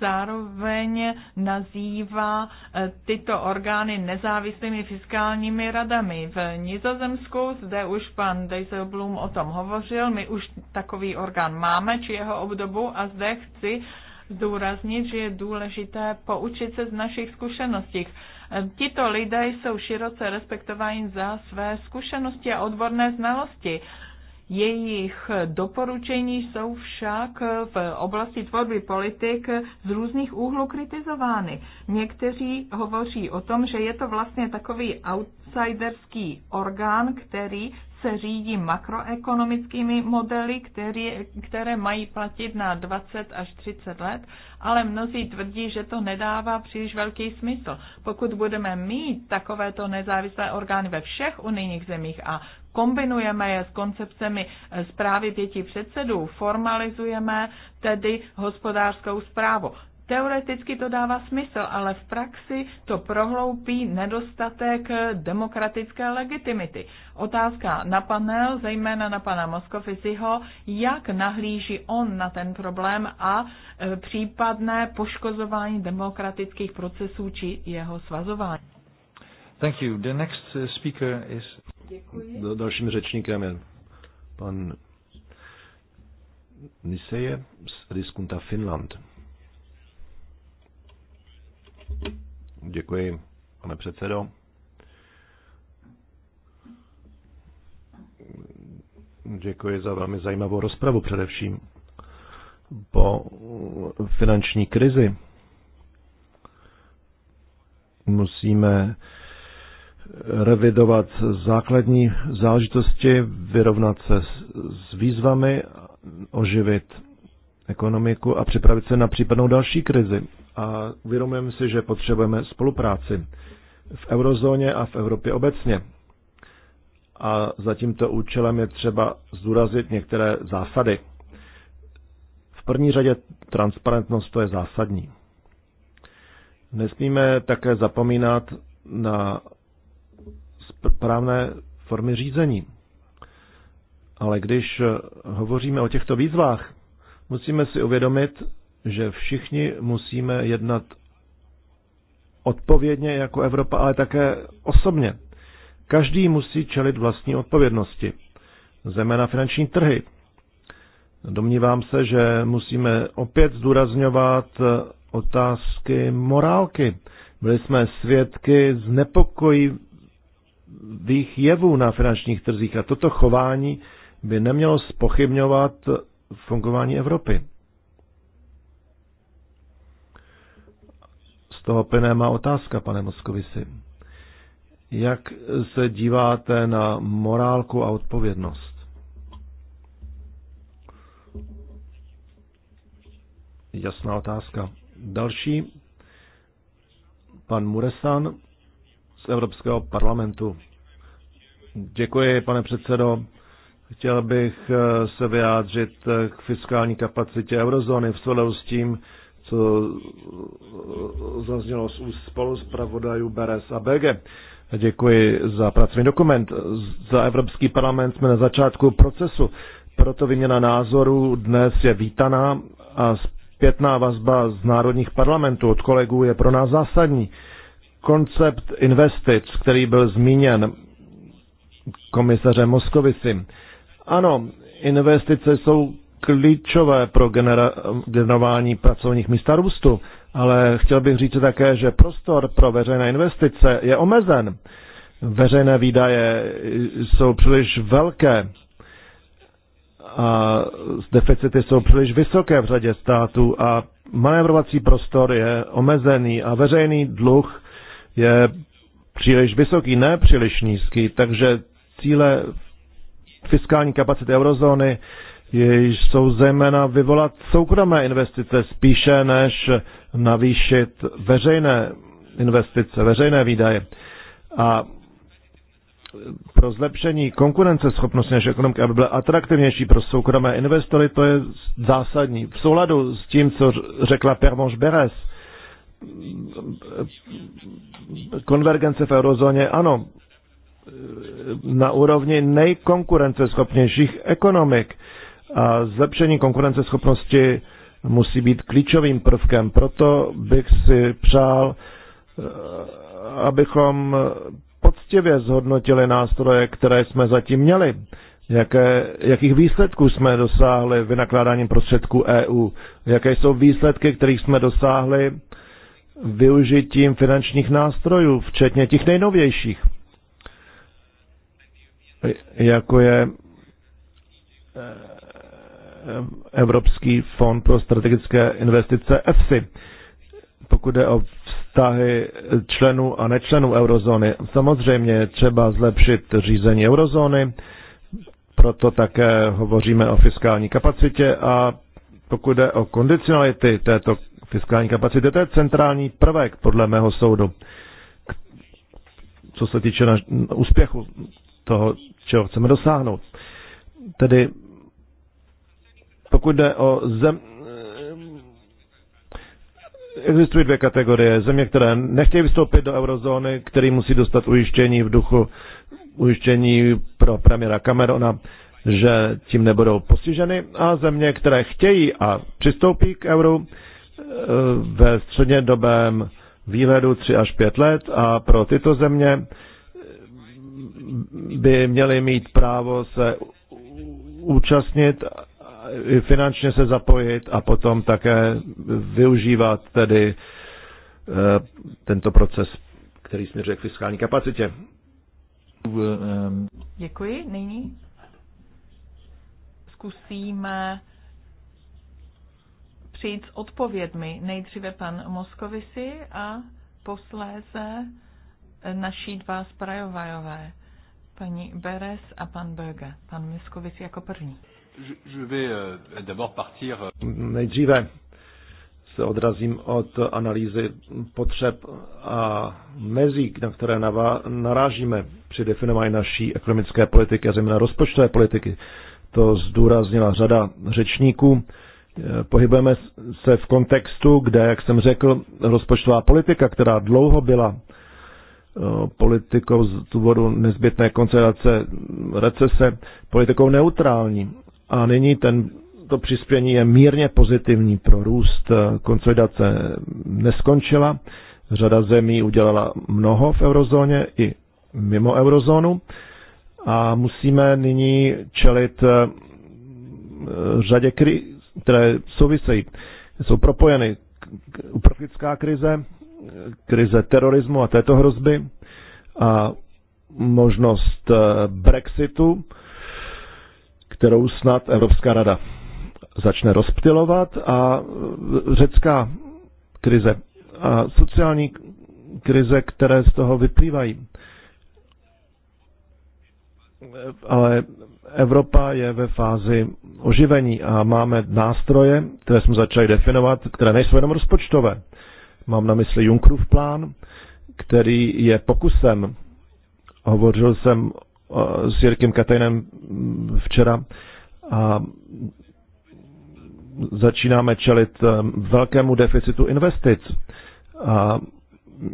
zároveň nazývá eh, tyto orgány nezávislými fiskálními radami. V Nizozemsku zde už pan Dijsselblum o tom hovořil, my už takový orgán máme či jeho obdobu a zde chci zdůraznit, že je důležité poučit se z našich zkušeností. Eh, tito lidé jsou široce respektováni za své zkušenosti a odborné znalosti. Jejich doporučení jsou však v oblasti tvorby politik z různých úhlů kritizovány. Někteří hovoří o tom, že je to vlastně takový outsiderský orgán, který se řídí makroekonomickými modely, které, které mají platit na 20 až 30 let, ale mnozí tvrdí, že to nedává příliš velký smysl. Pokud budeme mít takovéto nezávislé orgány ve všech unijních zemích a kombinujeme je s koncepcemi eh, zprávy pěti předsedů, formalizujeme tedy hospodářskou zprávu. Teoreticky to dává smysl, ale v praxi to prohloupí nedostatek eh, demokratické legitimity. Otázka na panel, zejména na pana Moskoviziho, jak nahlíží on na ten problém a eh, případné poškozování demokratických procesů či jeho svazování. Thank you. The next speaker is... Děkuji. Dalším řečníkem je pan Niseje z Riskunta Finland. Děkuji, pane předsedo. Děkuji za velmi zajímavou rozpravu především po finanční krizi. Musíme revidovat základní záležitosti, vyrovnat se s výzvami, oživit ekonomiku a připravit se na případnou další krizi. A uvědomujeme si, že potřebujeme spolupráci v eurozóně a v Evropě obecně. A za tímto účelem je třeba zdůrazit některé zásady. V první řadě transparentnost to je zásadní. Nesmíme také zapomínat na správné formy řízení. Ale když hovoříme o těchto výzvách, musíme si uvědomit, že všichni musíme jednat odpovědně jako Evropa, ale také osobně. Každý musí čelit vlastní odpovědnosti, zejména finanční trhy. Domnívám se, že musíme opět zdůrazňovat otázky morálky. Byli jsme svědky znepokojivých škodlivých jevů na finančních trzích a toto chování by nemělo spochybňovat fungování Evropy. Z toho plyne má otázka, pane Moskovisi. Jak se díváte na morálku a odpovědnost? Jasná otázka. Další, pan Muresan. Evropského parlamentu. Děkuji, pane předsedo. Chtěl bych eh, se vyjádřit eh, k fiskální kapacitě eurozóny v souladu s tím, co eh, zaznělo z úst spolu zpravodajů Beres a BG. Děkuji za pracovní dokument. Za Evropský parlament jsme na začátku procesu, proto vyměna názorů dnes je vítaná a zpětná vazba z národních parlamentů od kolegů je pro nás zásadní koncept investic, který byl zmíněn komisařem Moskovici. Ano, investice jsou klíčové pro generování pracovních míst a růstu, ale chtěl bych říct také, že prostor pro veřejné investice je omezen. Veřejné výdaje jsou příliš velké a deficity jsou příliš vysoké v řadě států a manévrovací prostor je omezený a veřejný dluh je příliš vysoký, ne příliš nízký, takže cíle fiskální kapacity eurozóny jsou zejména vyvolat soukromé investice spíše než navýšit veřejné investice, veřejné výdaje. A pro zlepšení konkurenceschopnosti naší ekonomiky, aby byla atraktivnější pro soukromé investory, to je zásadní. V souladu s tím, co řekla Pervenche Beres, konvergence v eurozóně, ano, na úrovni nejkonkurenceschopnějších ekonomik. A zlepšení konkurenceschopnosti musí být klíčovým prvkem. Proto bych si přál, abychom poctivě zhodnotili nástroje, které jsme zatím měli, jaké, jakých výsledků jsme dosáhli vynakládáním prostředků EU, jaké jsou výsledky, kterých jsme dosáhli využitím finančních nástrojů, včetně těch nejnovějších, jako je eh, Evropský fond pro strategické investice EFSI, pokud jde o vztahy členů a nečlenů eurozóny. Samozřejmě třeba zlepšit řízení eurozóny, proto také hovoříme o fiskální kapacitě a pokud jde o kondicionality této fiskální kapacity. To je centrální prvek, podle mého soudu, co se týče naš, úspěchu toho, čeho chceme dosáhnout. Tedy pokud jde o zem, eh, existují dvě kategorie. Země, které nechtějí vystoupit do eurozóny, který musí dostat ujištění v duchu ujištění pro premiéra Camerona, že tím nebudou postiženy, a země, které chtějí a přistoupí k euru, Eh, ve střednědobém výhledu 3 až 5 let a pro tyto země by měly mít právo se účastnit, finančně se zapojit a potom také využívat tedy eh, tento proces, který směřuje k fiskální kapacitě. Děkuji. Nyní zkusíme přijít s odpovědmi. Nejdříve pan Moskovisi a posléze naší dva sprajovajové, paní Beres a pan Böge. Pan Moskovici jako první. Euh, euh, Nejdříve se odrazím od analýzy potřeb a mezí, na které narážíme při definování naší ekonomické politiky a zejména rozpočtové politiky. To zdůraznila řada řečníků. Eh, pohybujeme se v kontextu, kde, jak jsem řekl, rozpočtová politika, která dlouho byla eh, politikou z důvodu nezbytné koncentrace recese, politikou neutrální. A nyní ten, to přispění je mírně pozitivní pro růst. Eh, konsolidace neskončila. Řada zemí udělala mnoho v eurozóně i mimo eurozónu. A musíme nyní čelit řadě kri- které souvisejí, jsou propojeny. Uprchlická krize, krize terorismu a této hrozby a možnost eh, Brexitu, kterou snad Evropská rada začne rozptilovat a eh, řecká krize a sociální krize, které z toho vyplývají ale Evropa je ve fázi oživení a máme nástroje, které jsme začali definovat, které nejsou jenom rozpočtové. Mám na mysli Junckerův plán, který je pokusem. Hovořil jsem uh, s Jirkem Katejnem včera a začínáme čelit um, velkému deficitu investic a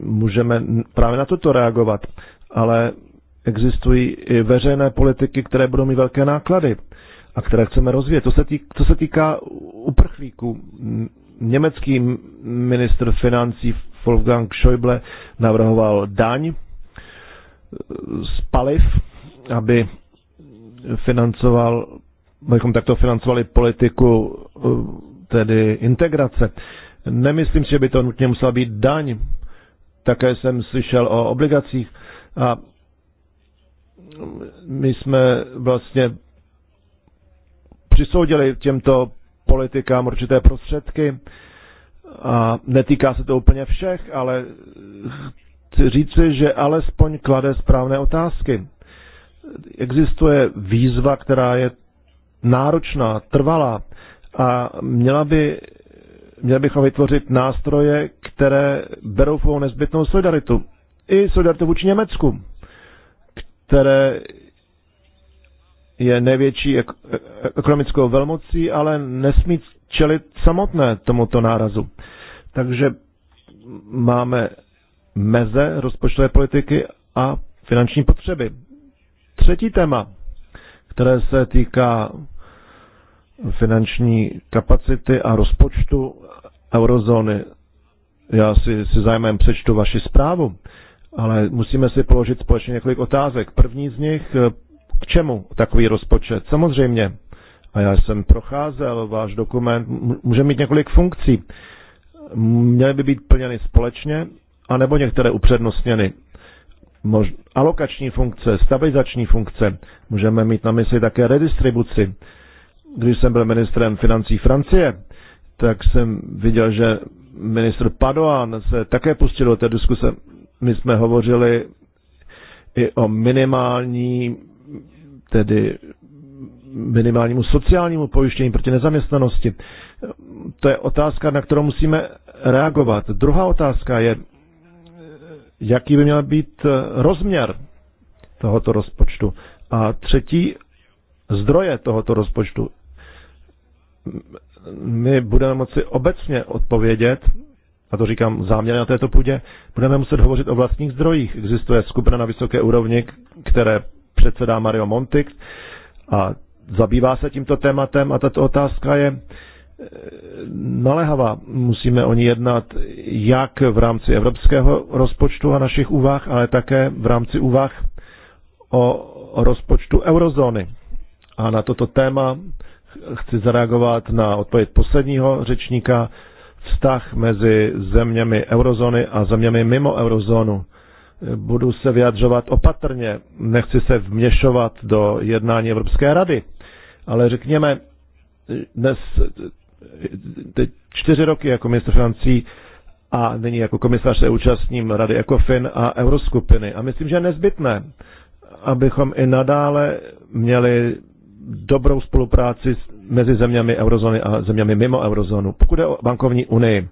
můžeme právě na toto reagovat, ale existují i veřejné politiky, které budou mít velké náklady a které chceme rozvíjet. To se týk, co se týká uprchlíků, německý ministr financí Wolfgang Schäuble navrhoval daň z paliv, aby financoval, abychom takto financovali politiku eh, tedy integrace. Nemyslím si, že by to nutně musela být daň. Také jsem slyšel o obligacích a my jsme vlastně přisoudili těmto politikám určité prostředky a netýká se to úplně všech, ale chci říci, že alespoň klade správné otázky. Existuje výzva, která je náročná, trvalá a měla by, měli bychom vytvořit nástroje, které berou svou nezbytnou solidaritu. I solidaritu vůči Německu které je největší ekonomickou velmocí, ale nesmí čelit samotné tomuto nárazu. Takže máme meze rozpočtové politiky a finanční potřeby. Třetí téma, které se týká finanční kapacity a rozpočtu eurozóny. Já si, si zájmem přečtu vaši zprávu ale musíme si položit společně několik otázek. První z nich, eh, k čemu takový rozpočet? Samozřejmě, a já jsem procházel váš dokument, může mít několik funkcí. Měly by být plněny společně, anebo některé upřednostněny. Mož, alokační funkce, stabilizační funkce, můžeme mít na mysli také redistribuci. Když jsem byl ministrem financí Francie, tak jsem viděl, že ministr Padoan se také pustil do té diskuse my jsme hovořili i o minimální, tedy minimálnímu sociálnímu pojištění proti nezaměstnanosti. To je otázka, na kterou musíme reagovat. Druhá otázka je, jaký by měl být rozměr tohoto rozpočtu. A třetí, zdroje tohoto rozpočtu. My budeme moci obecně odpovědět a to říkám záměrně na této půdě, budeme muset hovořit o vlastních zdrojích. Existuje skupina na vysoké úrovni, které předsedá Mario Montik a zabývá se tímto tématem a tato otázka je eh, naléhavá. Musíme o ní jednat jak v rámci evropského rozpočtu a našich úvah, ale také v rámci úvah o rozpočtu eurozóny. A na toto téma chci zareagovat na odpověď posledního řečníka, vztah mezi zeměmi eurozóny a zeměmi mimo eurozónu. Budu se vyjadřovat opatrně, nechci se vměšovat do jednání Evropské rady, ale řekněme, dnes teď čtyři roky jako ministr financí a nyní jako komisař se účastním Rady ECOFIN a Euroskupiny. A myslím, že je nezbytné, abychom i nadále měli dobrou spolupráci mezi zeměmi eurozóny a zeměmi mimo eurozónu. Pokud je o bankovní unii,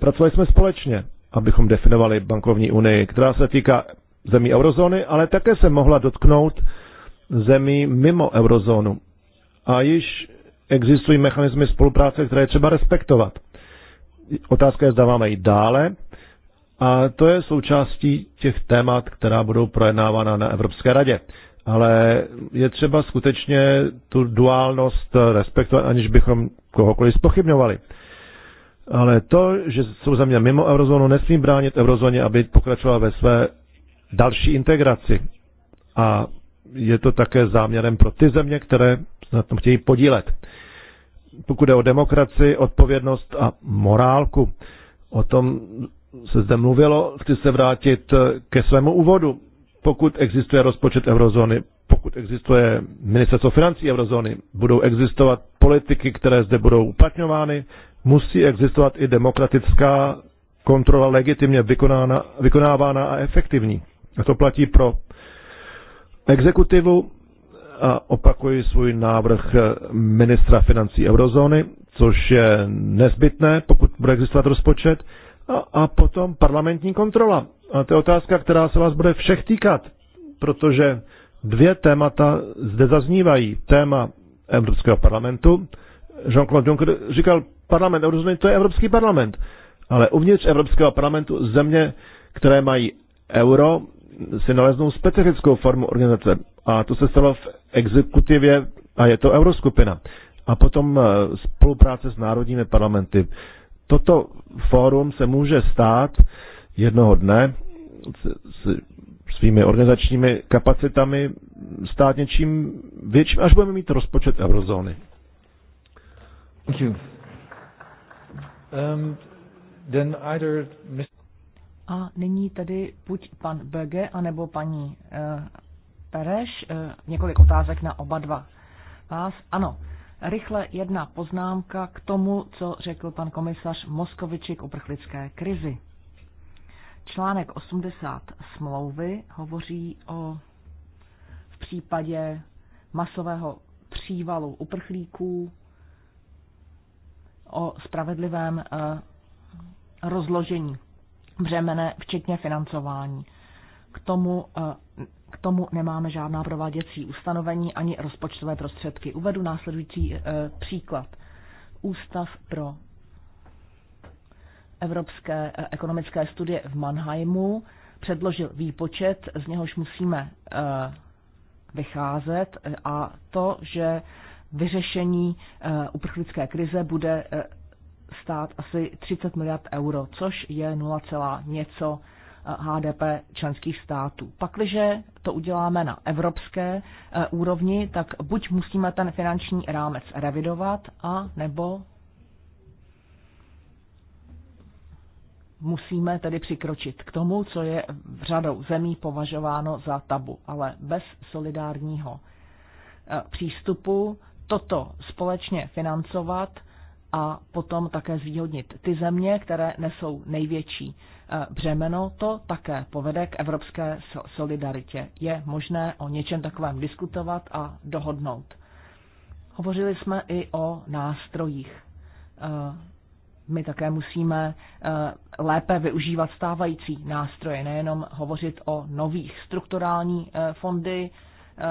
pracovali jsme společně, abychom definovali bankovní unii, která se týká zemí eurozóny, ale také se mohla dotknout zemí mimo eurozónu. A již existují mechanismy spolupráce, které je třeba respektovat. Otázka je, zda máme jít dále. A to je součástí těch témat, která budou projednávána na Evropské radě ale je třeba skutečně tu duálnost respektovat, aniž bychom kohokoliv spochybňovali. Ale to, že jsou země mimo eurozónu, nesmí bránit eurozóně, aby pokračovala ve své další integraci. A je to také záměrem pro ty země, které na tom chtějí podílet. Pokud je o demokracii, odpovědnost a morálku, o tom se zde mluvilo, chci se vrátit ke svému úvodu pokud existuje rozpočet eurozóny, pokud existuje ministerstvo financí eurozóny, budou existovat politiky, které zde budou uplatňovány, musí existovat i demokratická kontrola legitimně vykonána, vykonávána a efektivní. A to platí pro exekutivu a opakuji svůj návrh ministra financí eurozóny, což je nezbytné, pokud bude existovat rozpočet, a potom parlamentní kontrola. A to je otázka, která se vás bude všech týkat, protože dvě témata zde zaznívají. Téma Evropského parlamentu. Jean-Claude Juncker říkal, parlament eurozóny, to je Evropský parlament. Ale uvnitř Evropského parlamentu země, které mají euro, si naleznou specifickou formu organizace. A to se stalo v exekutivě a je to euroskupina. A potom eh, spolupráce s národními parlamenty. Toto fórum se může stát jednoho dne s svými organizačními kapacitami stát něčím větším, až budeme mít rozpočet eurozóny. Um, A nyní tedy buď pan Bege, anebo paní uh, Pereš. Uh, několik otázek na oba dva vás. Ano, Rychle jedna poznámka k tomu, co řekl pan komisař Moskoviči k uprchlické krizi. Článek 80 smlouvy hovoří o v případě masového přívalu uprchlíků o spravedlivém eh, rozložení břemene, včetně financování. K tomu eh, k tomu nemáme žádná prováděcí ustanovení ani rozpočtové prostředky. Uvedu následující e, příklad. Ústav pro evropské e, ekonomické studie v Mannheimu předložil výpočet, z něhož musíme e, vycházet a to, že vyřešení uprchlické krize bude stát asi 30 miliard euro, což je 0, něco HDP členských států. Pakliže to uděláme na evropské eh, úrovni, tak buď musíme ten finanční rámec revidovat, a nebo musíme tedy přikročit k tomu, co je v řadou zemí považováno za tabu. Ale bez solidárního eh, přístupu toto společně financovat a potom také zvýhodnit ty země, které nesou největší eh, břemeno. To také povede k evropské solidaritě. Je možné o něčem takovém diskutovat a dohodnout. Hovořili jsme i o nástrojích. Eh, my také musíme eh, lépe využívat stávající nástroje, nejenom hovořit o nových strukturální fondy,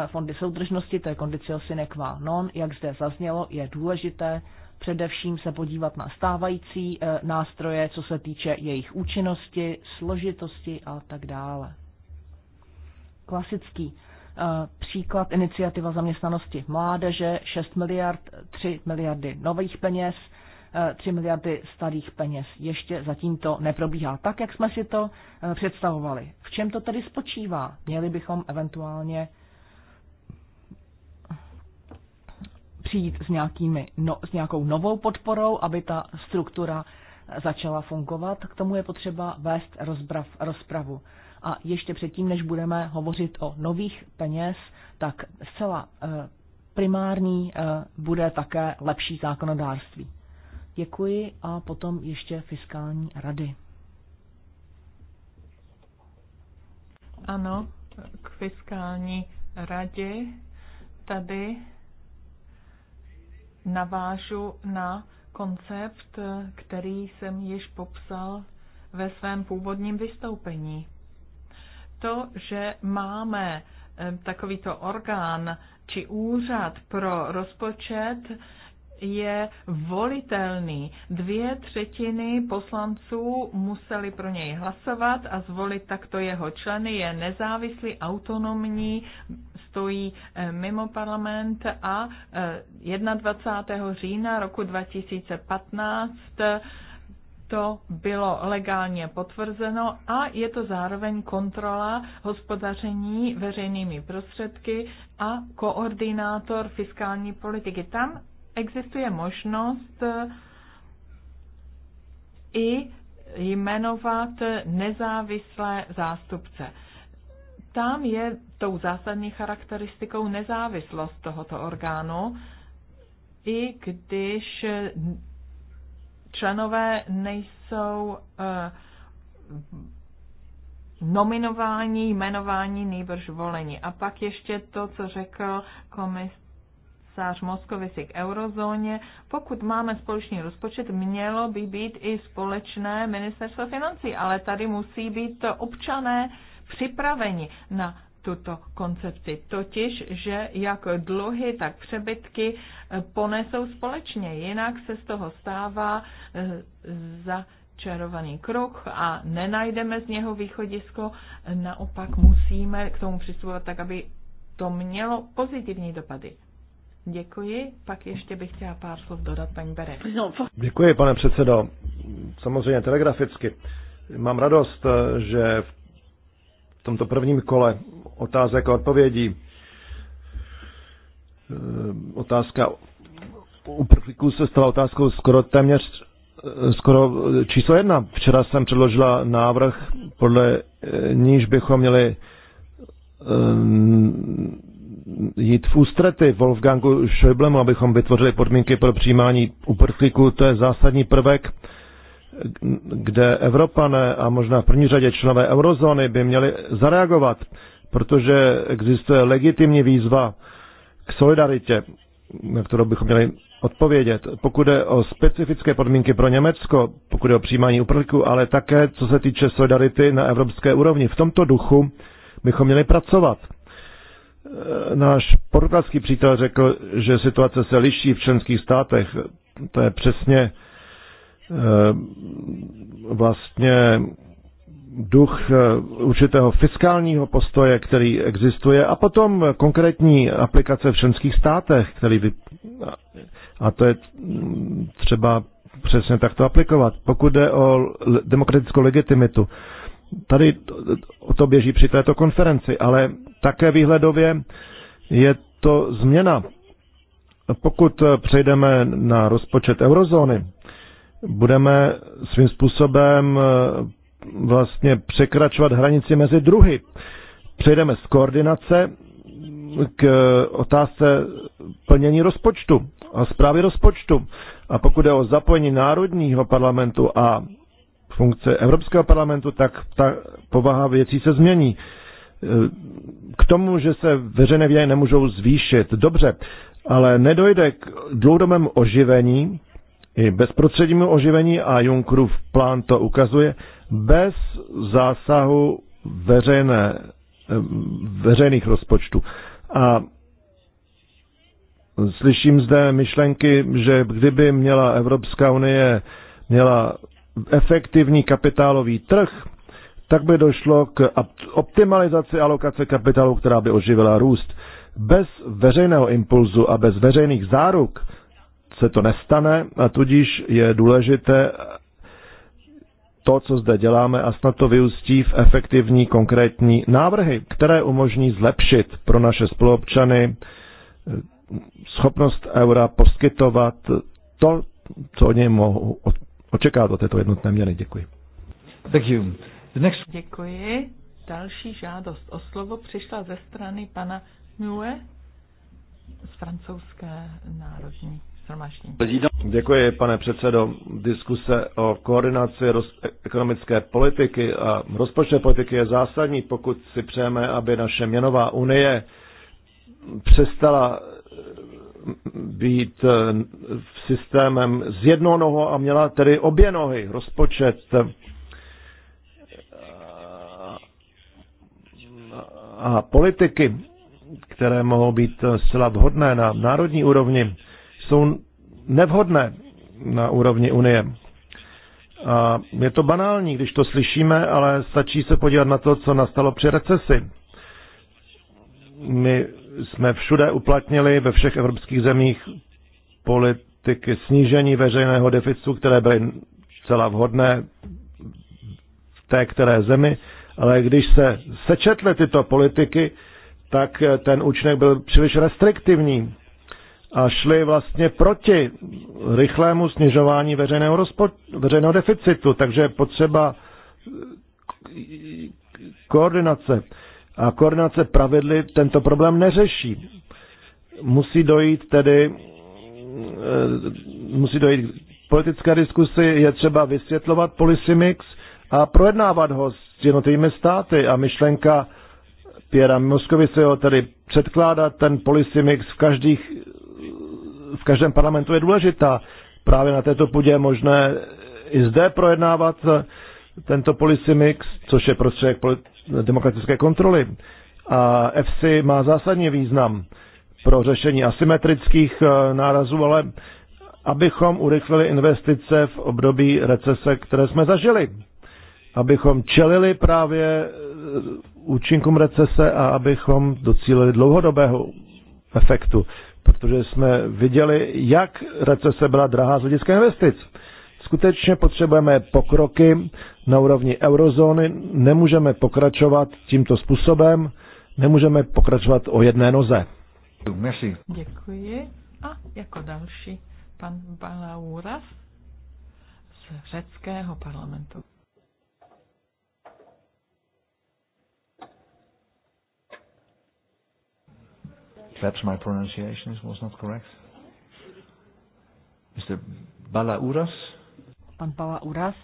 fondy soudržnosti, to je kondicio sine qua non, jak zde zaznělo, je důležité Především se podívat na stávající eh, nástroje, co se týče jejich účinnosti, složitosti a tak dále. Klasický eh, příklad iniciativa zaměstnanosti mládeže 6 miliard, 3 miliardy nových peněz, 3 eh, miliardy starých peněz. Ještě zatím to neprobíhá tak, jak jsme si to představovali. V čem to tedy spočívá? Měli bychom eventuálně přijít s, nějakými, no, s nějakou novou podporou, aby ta struktura začala fungovat. K tomu je potřeba vést rozbrav, rozpravu. A ještě předtím, než budeme hovořit o nových peněz, tak zcela eh, primární eh, bude také lepší zákonodárství. Děkuji a potom ještě fiskální rady. Ano, k fiskální radě tady navážu na koncept, který jsem již popsal ve svém původním vystoupení. To, že máme eh, takovýto orgán či úřad pro rozpočet, je volitelný. Dvě třetiny poslanců museli pro něj hlasovat a zvolit takto jeho členy. Je nezávislý, autonomní, stojí eh, mimo parlament a 21. Eh, října roku 2015 to bylo legálně potvrzeno a je to zároveň kontrola hospodaření veřejnými prostředky a koordinátor fiskální politiky. Tam existuje možnost eh, i jmenovat nezávislé zástupce. Tam je tou zásadní charakteristikou nezávislost tohoto orgánu, i když členové nejsou eh, nominování, jmenování nejbrž volení. A pak ještě to, co řekl komis, komisař Moskovici k eurozóně, pokud máme společný rozpočet, mělo by být i společné ministerstvo financí, ale tady musí být občané připraveni na tuto koncepci, totiž, že jak dluhy, tak přebytky ponesou společně, jinak se z toho stává eh, za čarovaný kruh a nenajdeme z něho východisko, naopak musíme k tomu přistupovat tak, aby to mělo pozitivní dopady. Děkuji. Pak ještě bych chtěla pár slov dodat paní Bere. Děkuji, pane předsedo. Samozřejmě telegraficky. Mám radost, že v tomto prvním kole otázek a odpovědí eh, otázka uprchlíků se stala otázkou skoro téměř eh, skoro eh, číslo jedna. Včera jsem předložila návrh, podle níž bychom měli jít v ústrety Wolfgangu Schäublemu, abychom vytvořili podmínky pro přijímání uprchlíků. To je zásadní prvek, kde Evropané a možná v první řadě členové eurozóny by měli zareagovat, protože existuje legitimní výzva k solidaritě, na kterou bychom měli odpovědět. Pokud je o specifické podmínky pro Německo, pokud je o přijímání uprchlíků, ale také co se týče solidarity na evropské úrovni. V tomto duchu bychom měli pracovat Eh, náš portugalský přítel řekl, že situace se liší v členských státech. To je přesně eh, vlastně duch eh, určitého fiskálního postoje, který existuje, a potom konkrétní aplikace v členských státech, který vy... a to je mm, třeba přesně takto aplikovat. Pokud jde o demokratickou legitimitu, Tady o to běží při této konferenci, ale také výhledově je to změna. Pokud přejdeme na rozpočet eurozóny, budeme svým způsobem eh, vlastně překračovat hranici mezi druhy. Přejdeme z koordinace k eh, otázce plnění rozpočtu a zprávy rozpočtu. A pokud je o zapojení Národního parlamentu a funkce Evropského parlamentu, tak ta povaha věcí se změní. E, k tomu, že se veřejné výdaje nemůžou zvýšit, dobře, ale nedojde k dlouhodobému oživení, i bezprostřednímu oživení, a Junckerův plán to ukazuje, bez zásahu veřejné, e, veřejných rozpočtů. A slyším zde myšlenky, že kdyby měla Evropská unie měla efektivní kapitálový trh, tak by došlo k optimalizaci alokace kapitálu, která by oživila růst. Bez veřejného impulzu a bez veřejných záruk se to nestane a tudíž je důležité to, co zde děláme a snad to vyústí v efektivní konkrétní návrhy, které umožní zlepšit pro naše spoluobčany schopnost eura poskytovat to, co něj mohou, očekávat od této jednotné měny. Děkuji. Thank you. The next... Děkuji. Další žádost o slovo přišla ze strany pana Mue z francouzské národní shromaždění. Děkuji, pane předsedo. Diskuse o koordinaci roz, ekonomické politiky a rozpočtové politiky je zásadní, pokud si přejeme, aby naše měnová unie přestala být eh, systémem z jednoho noho a měla tedy obě nohy, rozpočet. Eh, a politiky, které mohou být eh, zcela vhodné na národní úrovni, jsou nevhodné na úrovni Unie. A je to banální, když to slyšíme, ale stačí se podívat na to, co nastalo při recesi. My jsme všude uplatnili ve všech evropských zemích politiky snížení veřejného deficitu, které byly celá vhodné v té které zemi, ale když se sečetly tyto politiky, tak ten účinek byl příliš restriktivní a šli vlastně proti rychlému snižování veřejného, rozpo, veřejného deficitu, takže je potřeba koordinace. A koordinace pravidly tento problém neřeší. Musí dojít tedy eh, musí dojít politické diskusy, je třeba vysvětlovat policy mix a projednávat ho s jednotlivými státy a myšlenka Pěra Moskoviceho, tedy předkládat ten policy mix v, každých, v každém parlamentu je důležitá. Právě na této půdě je možné i zde projednávat tento policy mix, což je prostředek demokratické kontroly. A FC má zásadní význam pro řešení asymetrických eh, nárazů, ale abychom urychlili investice v období recese, které jsme zažili. Abychom čelili právě eh, účinkům recese a abychom docílili dlouhodobého efektu. Protože jsme viděli, jak recese byla drahá z hlediska investic skutečně potřebujeme pokroky na úrovni eurozóny, nemůžeme pokračovat tímto způsobem, nemůžeme pokračovat o jedné noze. Merci. Děkuji. A jako další pan Balauras z řeckého parlamentu. Perhaps my pronunciation was not correct. Mr. Balauras? pan Pala Uraz.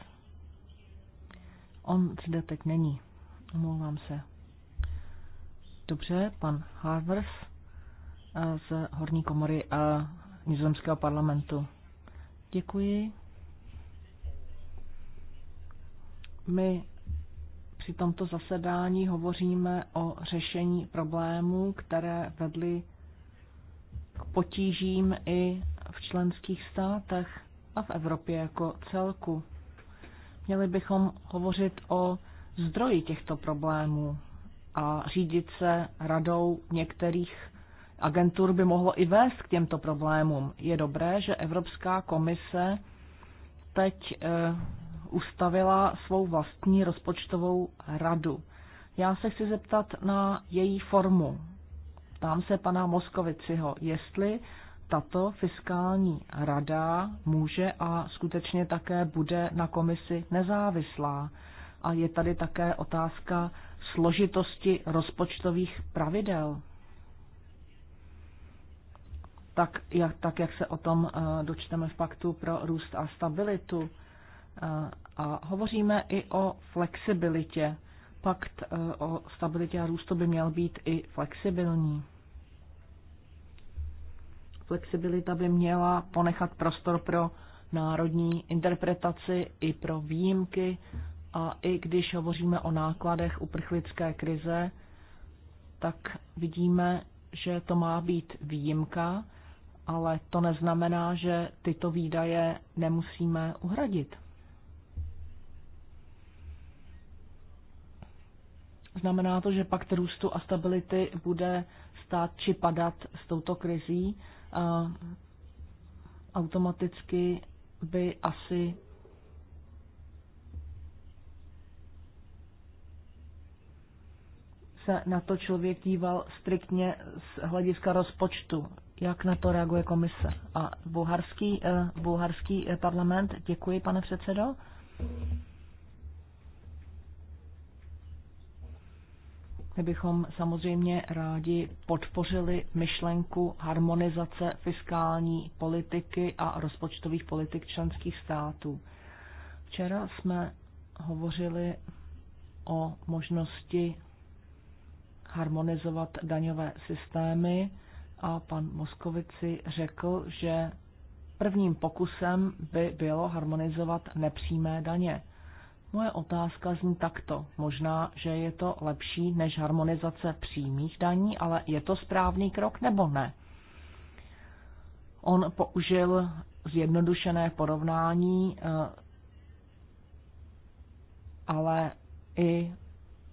On zde teď není. Omlouvám se. Dobře, pan Harvers eh, z Horní komory a eh, Nizozemského parlamentu. Děkuji. My při tomto zasedání hovoříme o řešení problémů, které vedly k potížím i v členských státech a v Evropě jako celku. Měli bychom hovořit o zdroji těchto problémů a řídit se radou některých agentur by mohlo i vést k těmto problémům. Je dobré, že Evropská komise teď eh, ustavila svou vlastní rozpočtovou radu. Já se chci zeptat na její formu. Ptám se pana Moskoviciho, jestli tato fiskální rada může a skutečně také bude na komisi nezávislá. A je tady také otázka složitosti rozpočtových pravidel. Tak jak, tak, jak se o tom eh, dočteme v Paktu pro růst a stabilitu. Eh, a hovoříme i o flexibilitě. Pakt eh, o stabilitě a růstu by měl být i flexibilní. Flexibilita by měla ponechat prostor pro národní interpretaci i pro výjimky a i když hovoříme o nákladech uprchlické krize, tak vidíme, že to má být výjimka, ale to neznamená, že tyto výdaje nemusíme uhradit. Znamená to, že pakt růstu a stability bude stát či padat s touto krizí automaticky by asi se na to člověk díval striktně z hlediska rozpočtu. Jak na to reaguje komise? A bulharský, eh, bulharský eh, parlament, děkuji, pane předsedo. My bychom samozřejmě rádi podpořili myšlenku harmonizace fiskální politiky a rozpočtových politik členských států. Včera jsme hovořili o možnosti harmonizovat daňové systémy a pan Moskovici řekl, že prvním pokusem by bylo harmonizovat nepřímé daně. Moje otázka zní takto. Možná, že je to lepší než harmonizace přímých daní, ale je to správný krok nebo ne? On použil zjednodušené porovnání, eh, ale i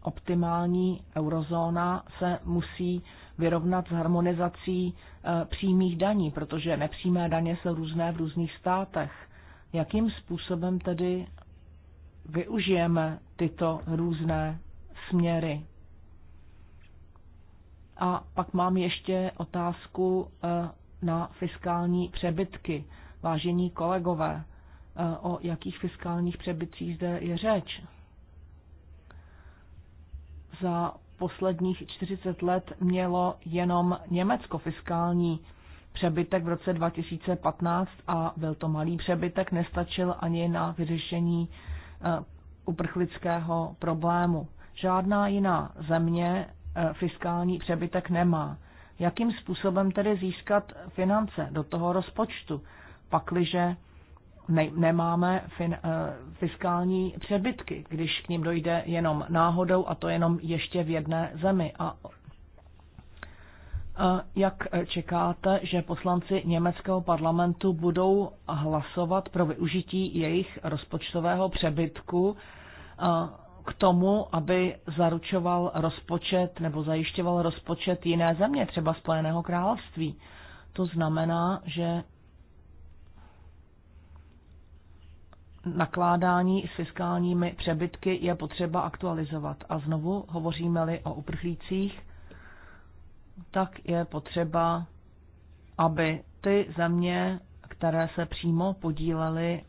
optimální eurozóna se musí vyrovnat s harmonizací eh, přímých daní, protože nepřímé daně jsou různé v různých státech. Jakým způsobem tedy využijeme tyto různé směry. A pak mám ještě otázku eh, na fiskální přebytky. Vážení kolegové, eh, o jakých fiskálních přebytcích zde je řeč? Za posledních 40 let mělo jenom Německo fiskální přebytek v roce 2015 a byl to malý přebytek, nestačil ani na vyřešení Eh, uprchlického problému. Žádná jiná země eh, fiskální přebytek nemá. Jakým způsobem tedy získat finance do toho rozpočtu, pakliže ne, nemáme fin, eh, fiskální přebytky, když k ním dojde jenom náhodou a to jenom ještě v jedné zemi. A jak čekáte, že poslanci německého parlamentu budou hlasovat pro využití jejich rozpočtového přebytku k tomu, aby zaručoval rozpočet nebo zajišťoval rozpočet jiné země, třeba Spojeného království? To znamená, že nakládání s fiskálními přebytky je potřeba aktualizovat. A znovu hovoříme-li o uprchlících, tak je potřeba, aby ty země, které se přímo podílely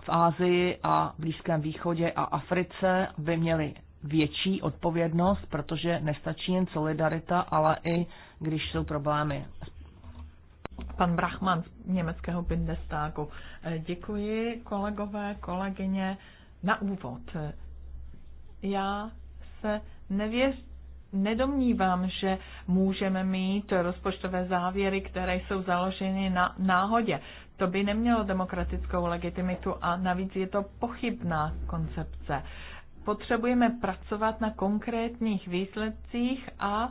v Ázii a Blízkém východě a Africe, by měly větší odpovědnost, protože nestačí jen solidarita, ale i když jsou problémy. Pan Brachman z německého Bindestáku. Děkuji kolegové, kolegyně. Na úvod. Já se nevěřím, nedomnívám, že můžeme mít rozpočtové závěry, které jsou založeny na náhodě. To by nemělo demokratickou legitimitu a navíc je to pochybná koncepce. Potřebujeme pracovat na konkrétních výsledcích a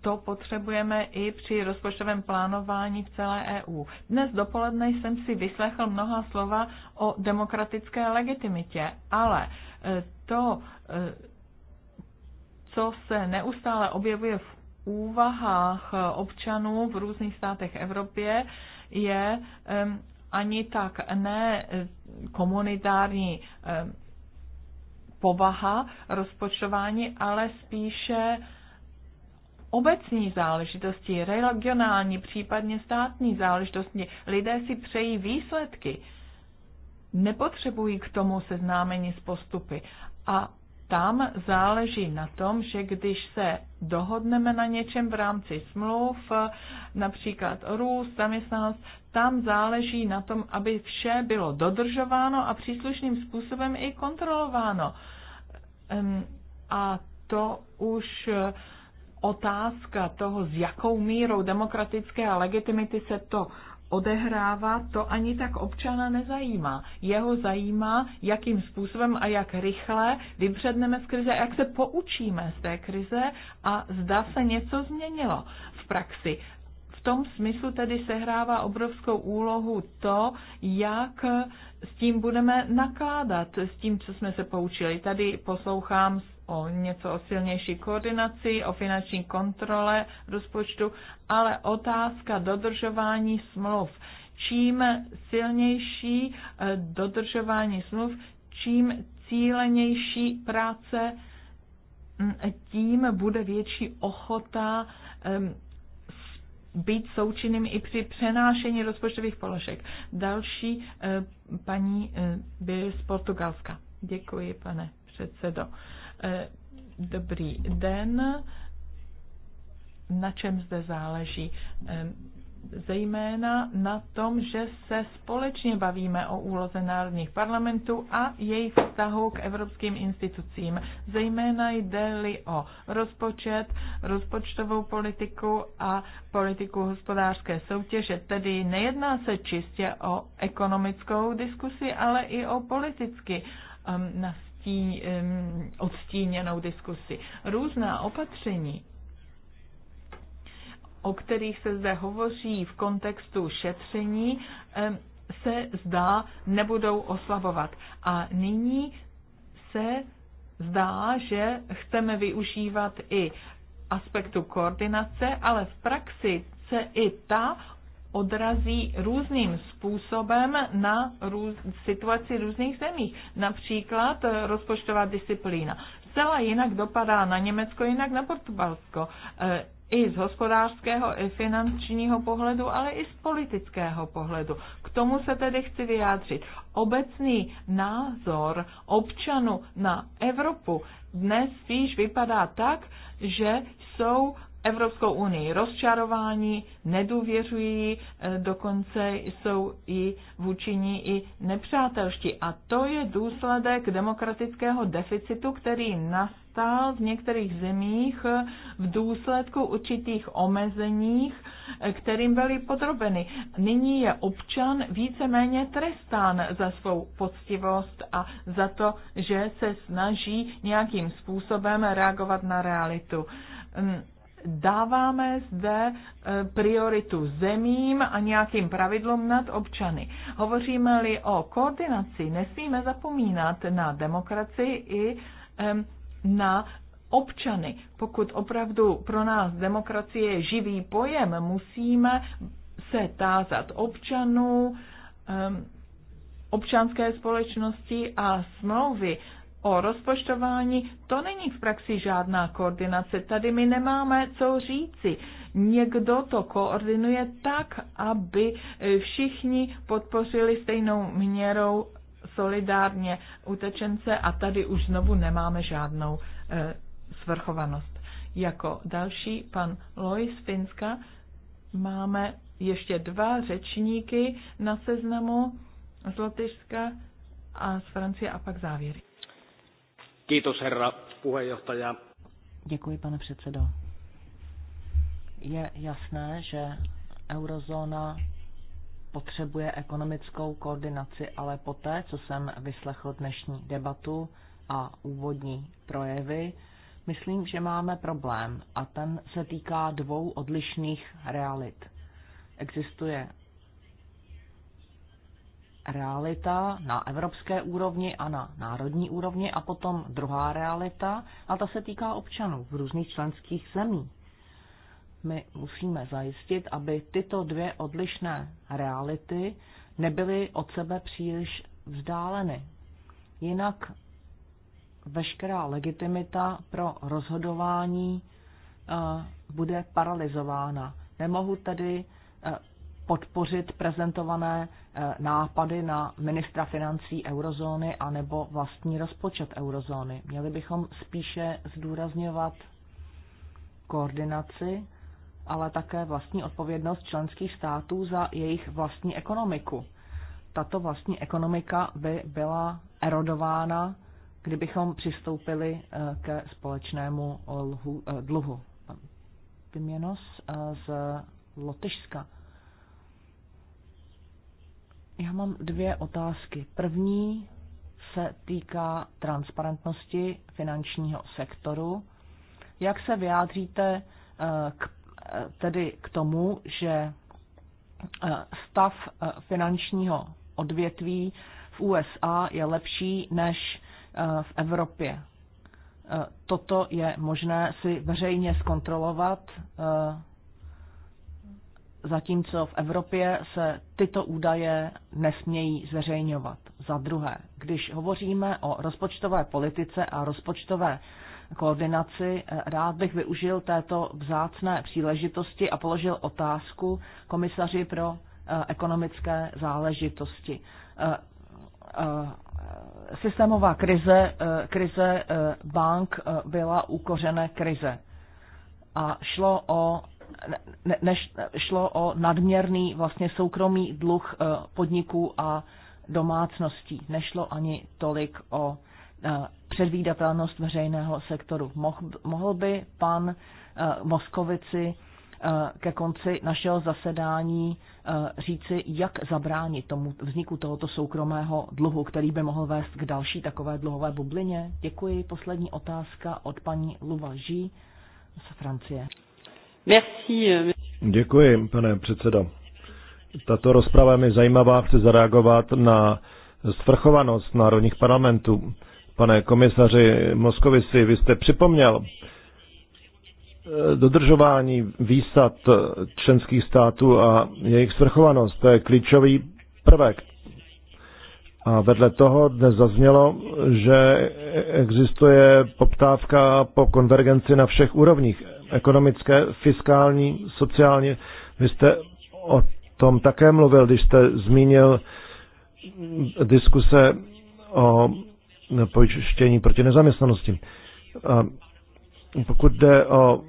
to potřebujeme i při rozpočtovém plánování v celé EU. Dnes dopoledne jsem si vyslechl mnoha slova o demokratické legitimitě, ale e, to e, co se neustále objevuje v úvahách občanů v různých státech Evropě, je ani tak ne eh, komunitární povaha rozpočtování, ale spíše obecní záležitosti, regionální, případně státní záležitosti. Lidé si přejí výsledky, nepotřebují k tomu seznámení s postupy. A tam záleží na tom, že když se dohodneme na něčem v rámci smluv, například růst, zaměstnanost, tam záleží na tom, aby vše bylo dodržováno a příslušným způsobem i kontrolováno. A to už eh, otázka toho, s jakou mírou demokratické a legitimity se to odehrává, to ani tak občana nezajímá. Jeho zajímá, jakým způsobem a jak rychle vypředneme z krize, jak se poučíme z té krize a zda se něco změnilo v praxi. V tom smyslu tedy sehrává obrovskou úlohu to, jak s tím budeme nakládat, s tím, co jsme se poučili. Tady poslouchám o něco o silnější koordinaci, o finanční kontrole rozpočtu, ale otázka dodržování smluv. Čím silnější eh, dodržování smluv, čím cílenější práce, mm, tím bude větší ochota být součinným i při přenášení rozpočtových položek. Další eh, paní eh, z Portugalska. Děkuji, pane předsedo. Eh, dobrý den. Na čem zde záleží? Ehm, zejména na tom, že se společně bavíme o úloze národních parlamentů a jejich vztahu k evropským institucím. Zejména jde-li o rozpočet, rozpočtovou politiku a politiku hospodářské soutěže. Tedy nejedná se čistě o ekonomickou diskusi, ale i o politicky um, odstíň, odstíněnou diskusi. Různá opatření, o kterých se zde hovoří v kontextu šetření, se zdá nebudou oslabovat. A nyní se zdá, že chceme využívat i aspektu koordinace, ale v praxi se i ta odrazí různým způsobem na růz, situaci různých zemí. Například rozpočtová disciplína. Zcela jinak dopadá na Německo, jinak na Portugalsko. E, I z hospodářského, i finančního pohledu, ale i z politického pohledu. K tomu se tedy chci vyjádřit. Obecný názor občanů na Evropu dnes spíš vypadá tak, že jsou Evropskou unii rozčarování, nedůvěřují, e, dokonce jsou i vůči ní i nepřátelští. A to je důsledek demokratického deficitu, který nastal v některých zemích e, v důsledku určitých omezeních, e, kterým byly podrobeny. Nyní je občan víceméně trestán za svou poctivost a za to, že se snaží nějakým způsobem reagovat na realitu mm, dáváme zde e, prioritu zemím a nějakým pravidlům nad občany. Hovoříme-li o koordinaci, nesmíme zapomínat na demokracii i na občany. Pokud opravdu pro nás demokracie je živý pojem, musíme se tázat občanů, občanské společnosti a smlouvy o rozpočtování, to není v praxi žádná koordinace. Tady my nemáme co říci. Někdo to koordinuje tak, aby všichni podpořili stejnou měrou solidárně utečence a tady už znovu nemáme žádnou e, svrchovanost. Jako další pan Lois Finska máme ještě dva řečníky na seznamu z Lotyšska a z Francie a pak závěry. Kiitos herra puheenjohtaja. Děkuji, pane předsedo. Je jasné, že eurozóna potřebuje ekonomickou koordinaci, ale poté, co jsem vyslechl dnešní debatu a úvodní projevy, myslím, že máme problém a ten se týká dvou odlišných realit. Existuje realita na evropské úrovni a na národní úrovni a potom druhá realita a ta se týká občanů v různých členských zemí. My musíme zajistit, aby tyto dvě odlišné reality nebyly od sebe příliš vzdáleny. Jinak veškerá legitimita pro rozhodování eh, bude paralizována. Nemohu tedy eh, podpořit prezentované eh, nápady na ministra financí eurozóny anebo vlastní rozpočet eurozóny. Měli bychom spíše zdůrazňovat koordinaci, ale také vlastní odpovědnost členských států za jejich vlastní ekonomiku. Tato vlastní ekonomika by byla erodována, kdybychom přistoupili eh, ke společnému lhu, eh, dluhu. Piměnos z Lotyšska. Já mám dvě otázky. První se týká transparentnosti finančního sektoru. Jak se vyjádříte eh, k, eh, tedy k tomu, že eh, stav finančního odvětví v USA je lepší než v Evropě? Toto je možné si veřejně zkontrolovat zatímco v Evropě se tyto údaje nesmějí zveřejňovat. Za druhé, když hovoříme o rozpočtové politice a rozpočtové koordinaci, rád bych využil této vzácné příležitosti a položil otázku komisaři pro eh, ekonomické záležitosti. Eh, eh, systémová krize, krize bank byla u krize a šlo o ne, než šlo o nadměrný vlastně soukromý dluh eh, podniků a domácností. Nešlo ani tolik o eh, předvídatelnost veřejného sektoru. Mohl by pan eh, Moskovici ke konci našeho zasedání říci, jak zabránit tomu vzniku tohoto soukromého dluhu, který by mohl vést k další takové dluhové bublině? Děkuji. Poslední otázka od paní Luva Ží z Francie. Merci. Euh, Děkuji, pane předsedo. Tato rozprava mi zajímavá. Chci zareagovat na svrchovanost národních parlamentů. Pane komisaři Moskovici, vy jste připomněl eh, dodržování výsad členských států a jejich svrchovanost. To je klíčový prvek. A vedle toho dnes zaznělo, že existuje poptávka po konvergenci na všech úrovních ekonomické, fiskální, sociální. Vy jste o tom také mluvil, když jste zmínil diskuse o pojištění proti nezaměstnanosti. A pokud jde o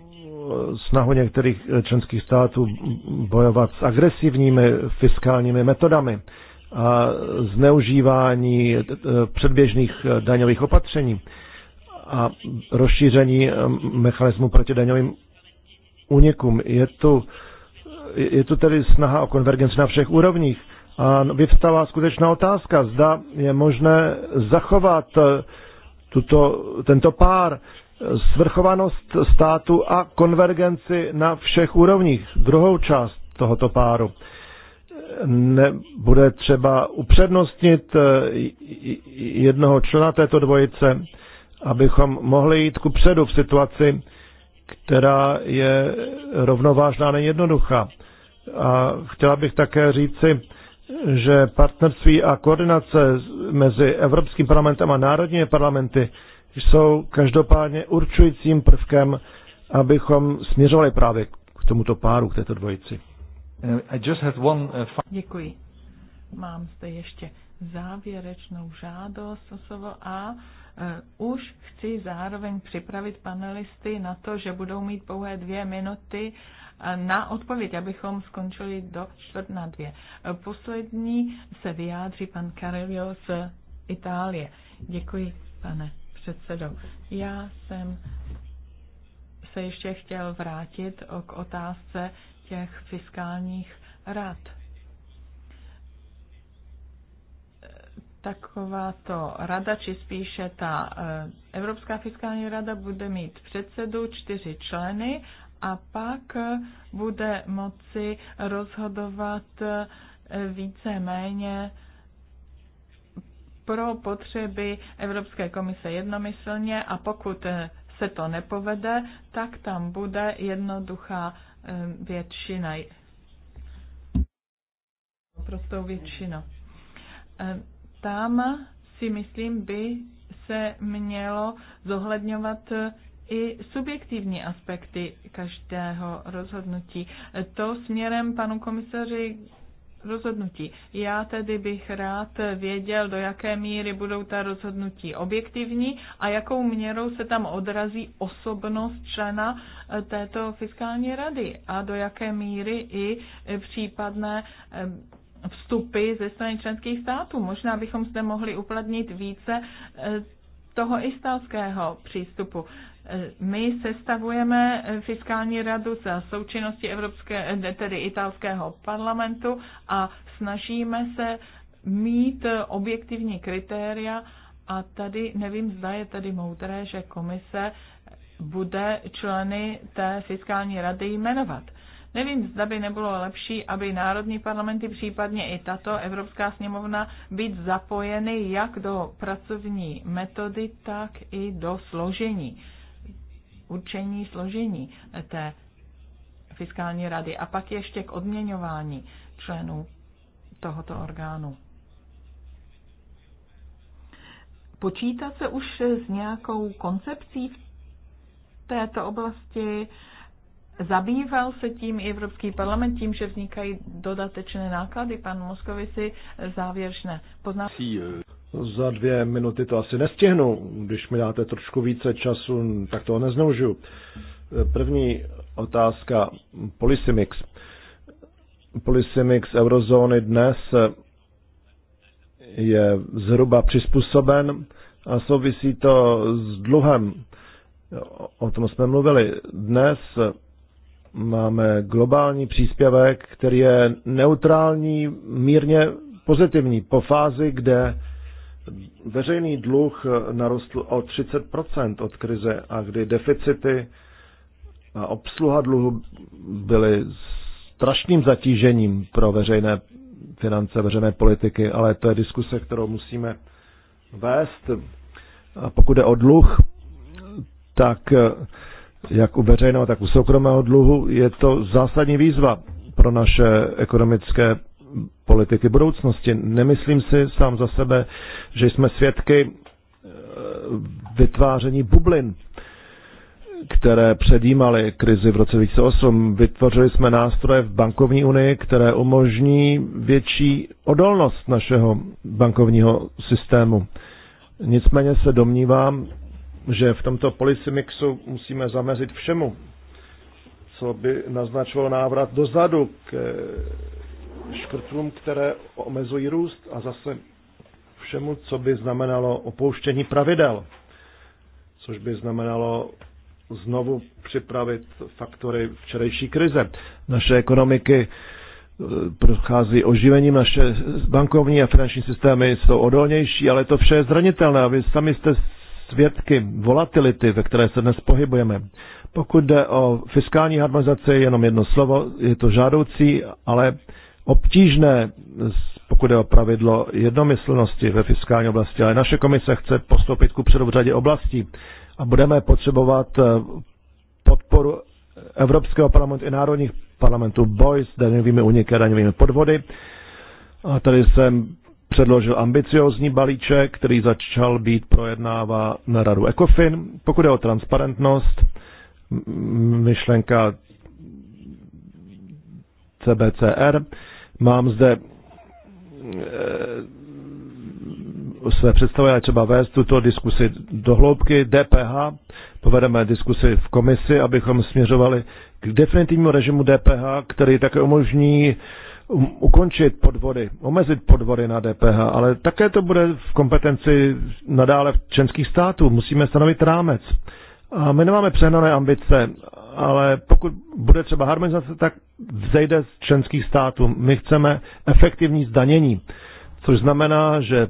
snahu některých členských států bojovat s agresivními fiskálními metodami a zneužívání předběžných daňových opatření, a rozšíření eh, mechanismu proti daňovým únikům. Je tu, je tu tedy snaha o konvergenci na všech úrovních. A vyvstává skutečná otázka, zda je možné zachovat eh, tuto, tento pár eh, svrchovanost státu a konvergenci na všech úrovních. Druhou část tohoto páru nebude třeba upřednostnit jednoho člena této dvojice abychom mohli jít ku předu v situaci, která je rovnovážná, nejednoduchá. A chtěla bych také říci, že partnerství a koordinace mezi Evropským parlamentem a národními parlamenty jsou každopádně určujícím prvkem, abychom směřovali právě k tomuto páru, k této dvojici. Uh, uh, Děkuji. Mám zde ještě závěrečnou žádost o slovo a Eh, už chci zároveň připravit panelisty na to, že budou mít pouhé dvě minuty eh, na odpověď, abychom skončili do čtvrt na dvě. Eh, poslední se vyjádří pan Carillo z Itálie. Děkuji, pane předsedo. Já jsem se ještě chtěl vrátit k otázce těch fiskálních rad takováto rada, či spíše ta e, Evropská fiskální rada bude mít předsedu, čtyři členy a pak e, bude moci rozhodovat e, více méně pro potřeby Evropské komise jednomyslně a pokud se to nepovede, tak tam bude jednoduchá většina. Prostou většina tam si myslím, by se mělo zohledňovat i subjektivní aspekty každého rozhodnutí. To směrem panu komisaři rozhodnutí. Já tedy bych rád věděl, do jaké míry budou ta rozhodnutí objektivní a jakou měrou se tam odrazí osobnost člena eh, této fiskální rady a do jaké míry i případné eh, vstupy ze strany členských států. Možná bychom zde mohli uplatnit více eh, toho istalského přístupu. Eh, my sestavujeme eh, fiskální radu za součinnosti Evropské, tedy italského parlamentu a snažíme se mít objektivní kritéria a tady nevím, zda je tady moudré, že komise bude členy té fiskální rady jmenovat. Nevím, zda by nebylo lepší, aby národní parlamenty, případně i tato Evropská sněmovna, být zapojeny jak do pracovní metody, tak i do složení, určení složení té fiskální rady. A pak ještě k odměňování členů tohoto orgánu. Počítá se už s nějakou koncepcí v této oblasti? Zabýval se tím i Evropský parlament, tím, že vznikají dodatečné náklady? Pan Moskovi si závěrečné pozná. Za dvě minuty to asi nestihnu. Když mi dáte trošku více času, tak toho nezneužiju. První otázka. Polysimix. Polysimix eurozóny dnes je zhruba přizpůsoben a souvisí to s dluhem. O tom jsme mluvili. Dnes máme globální příspěvek, který je neutrální, mírně pozitivní po fázi, kde veřejný dluh narostl o 30 od krize a kdy deficity a obsluha dluhu byly strašným zatížením pro veřejné finance, veřejné politiky, ale to je diskuse, kterou musíme vést. A pokud je o dluh, tak jak u veřejného, tak u soukromého dluhu, je to zásadní výzva pro naše ekonomické politiky budoucnosti. Nemyslím si sám za sebe, že jsme svědky eh, vytváření bublin, které předjímaly krizi v roce 2008. Vytvořili jsme nástroje v bankovní unii, které umožní větší odolnost našeho bankovního systému. Nicméně se domnívám, že v tomto policy mixu musíme zamezit všemu, co by naznačovalo návrat dozadu k škrtům, které omezují růst a zase všemu, co by znamenalo opouštění pravidel, což by znamenalo znovu připravit faktory včerejší krize. Naše ekonomiky eh, prochází oživením, naše bankovní a finanční systémy jsou odolnější, ale to vše je zranitelné. A vy sami jste svědky volatility, ve které se dnes pohybujeme. Pokud jde o fiskální harmonizaci, jenom jedno slovo, je to žádoucí, ale obtížné, pokud je o pravidlo jednomyslnosti ve fiskální oblasti, ale naše komise chce postoupit ku předu v řadě oblastí a budeme potřebovat eh, podporu Evropského parlamentu i národních parlamentů, boj s daňovými uniky a daňovými podvody. A tady jsem předložil ambiciozní balíček, který začal být projednává na radu ECOFIN. Pokud je o transparentnost, myšlenka CBCR, mám zde e, své představy, ale třeba vést tuto diskusi do hloubky. DPH, povedeme diskusi v komisi, abychom směřovali k definitivnímu režimu DPH, který také umožní e, Um, ukončit podvody, omezit podvody na DPH, ale také to bude v kompetenci nadále v členských států. Musíme stanovit rámec. A my nemáme přehnané ambice, ale pokud bude třeba harmonizace, tak vzejde z členských států. My chceme efektivní zdanění, což znamená, že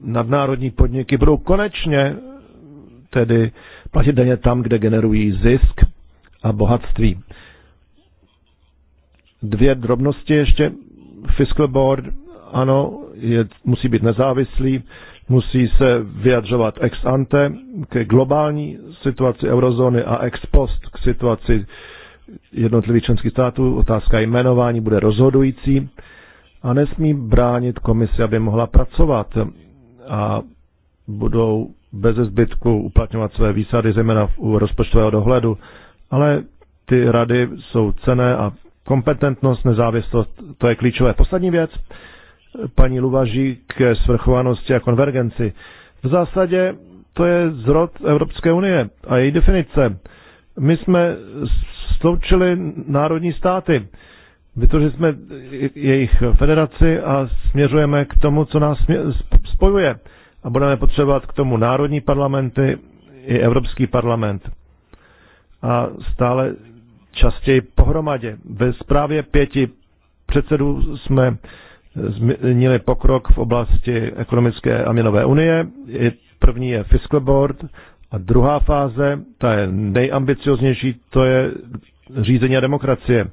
nadnárodní podniky budou konečně tedy platit daně tam, kde generují zisk a bohatství dvě drobnosti ještě. Fiscal Board, ano, je, musí být nezávislý, musí se vyjadřovat ex ante ke globální situaci eurozóny a ex post k situaci jednotlivých členských států. Otázka jmenování bude rozhodující a nesmí bránit komisi, aby mohla pracovat a budou bez zbytku uplatňovat své výsady, zejména u rozpočtového dohledu, ale ty rady jsou cené a Kompetentnost, nezávislost, to je klíčové. Poslední věc, paní Luvaží k svrchovanosti a konvergenci. V zásadě to je zrod Evropské unie a její definice. My jsme sloučili národní státy, vytvořili jsme jejich federaci a směřujeme k tomu, co nás spojuje. A budeme potřebovat k tomu národní parlamenty i Evropský parlament. A stále častěji pohromadě. Ve zprávě pěti předsedů jsme změnili pokrok v oblasti ekonomické a měnové unie. První je fiscal board a druhá fáze, ta je nejambicioznější, to je řízení a demokracie.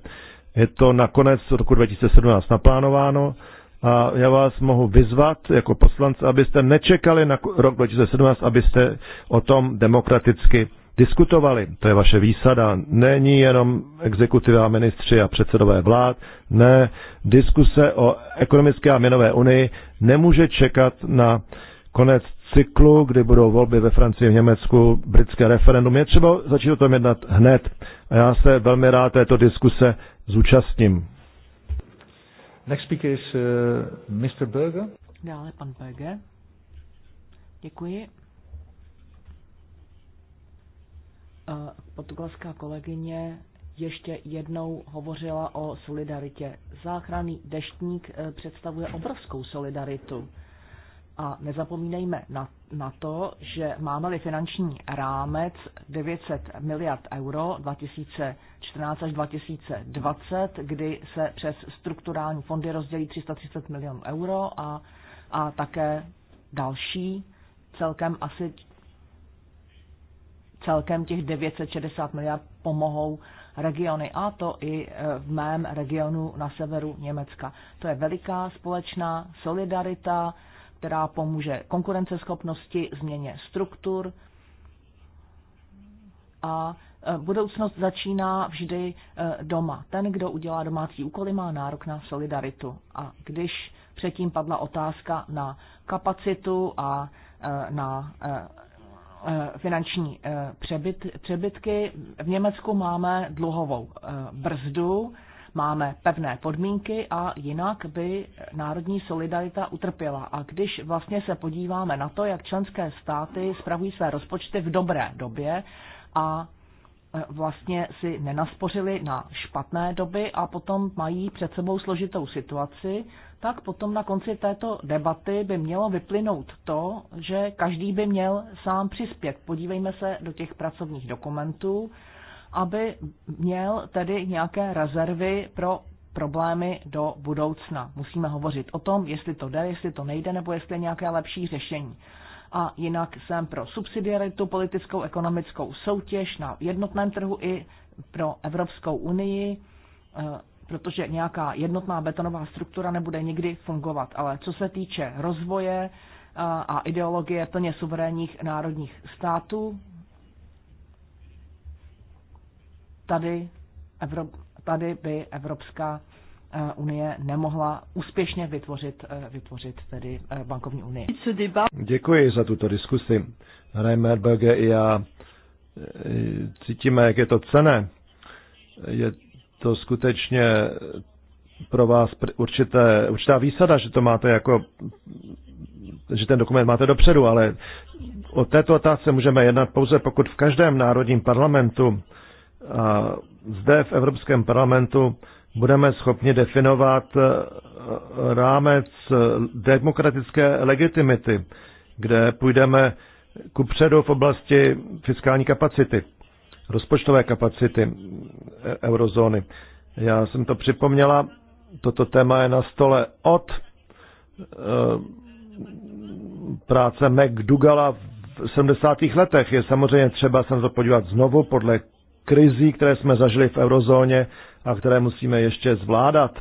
Je to na konec roku 2017 naplánováno a já vás mohu vyzvat jako poslance, abyste nečekali na rok 2017, abyste o tom demokraticky diskutovali. To je vaše výsada. Není jenom exekutiva ministři a předsedové vlád. Ne, diskuse o ekonomické a měnové unii nemůže čekat na konec cyklu, kdy budou volby ve Francii, v Německu, britské referendum. Je třeba začít o tom jednat hned. A já se velmi rád této diskuse zúčastním. Next speaker is uh, Mr. Berger. Dále pan Berger. Děkuji. portugalská kolegyně ještě jednou hovořila o solidaritě. Záchranný deštník eh, představuje obrovskou solidaritu. A nezapomínejme na, na to, že máme-li finanční rámec 900 miliard euro 2014 až 2020, kdy se přes strukturální fondy rozdělí 330 milionů euro a, a také další, celkem asi celkem těch 960 miliard pomohou regiony a to i e, v mém regionu na severu Německa. To je veliká společná solidarita, která pomůže konkurenceschopnosti, změně struktur a e, budoucnost začíná vždy e, doma. Ten, kdo udělá domácí úkoly, má nárok na solidaritu. A když předtím padla otázka na kapacitu a na Eh, finanční eh, přebyt, přebytky. V Německu máme dluhovou eh, brzdu, máme pevné podmínky a jinak by národní solidarita utrpěla. A když vlastně se podíváme na to, jak členské státy spravují své rozpočty v dobré době a Eh, vlastně si nenaspořili na špatné doby a potom mají před sebou složitou situaci, tak potom na konci této debaty by mělo vyplynout to, že každý by měl sám přispět. Podívejme se do těch pracovních dokumentů, aby měl tedy nějaké rezervy pro problémy do budoucna. Musíme hovořit o tom, jestli to jde, jestli to nejde, nebo jestli je nějaké lepší řešení a jinak jsem pro subsidiaritu, politickou, ekonomickou soutěž na jednotném trhu i pro Evropskou unii, eh, protože nějaká jednotná betonová struktura nebude nikdy fungovat. Ale co se týče rozvoje eh, a ideologie plně suverénních národních států, tady, Evrop, tady by Evropská Eh, unie nemohla úspěšně vytvořit, eh, vytvořit tedy eh, bankovní unii. Děkuji za tuto diskusi. Reimer Berge i já cítíme, jak je to cené. Je to skutečně pro vás určité, určitá výsada, že to máte jako že ten dokument máte dopředu, ale o této otázce můžeme jednat pouze pokud v každém národním parlamentu a zde v Evropském parlamentu budeme schopni definovat eh, rámec eh, demokratické legitimity, kde půjdeme ku předu v oblasti fiskální kapacity, rozpočtové kapacity eh, eurozóny. Já jsem to připomněla, toto téma je na stole od práce McDougala v 70. letech. Je samozřejmě třeba se na to podívat znovu podle krizí, které jsme zažili v eurozóně, a které musíme ještě zvládat,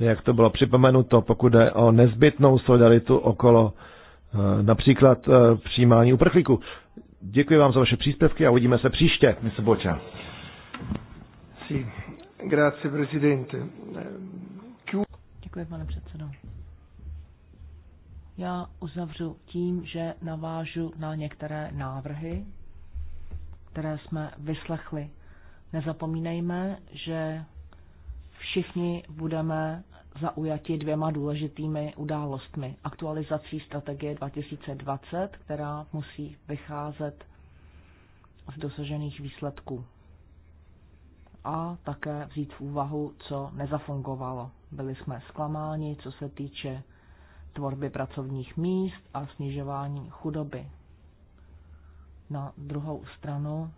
jak to bylo připomenuto, pokud jde o nezbytnou solidaritu okolo eh, například eh, přijímání uprchlíků. Děkuji vám za vaše příspěvky a uvidíme se příště. Mr. Boča. Sí. Grazie, presidente. Děkuji, pane předsedo. Já uzavřu tím, že navážu na některé návrhy, které jsme vyslechli. Nezapomínejme, že všichni budeme zaujati dvěma důležitými událostmi. Aktualizací strategie 2020, která musí vycházet z dosažených výsledků a také vzít v úvahu, co nezafungovalo. Byli jsme zklamáni, co se týče tvorby pracovních míst a snižování chudoby. Na druhou stranu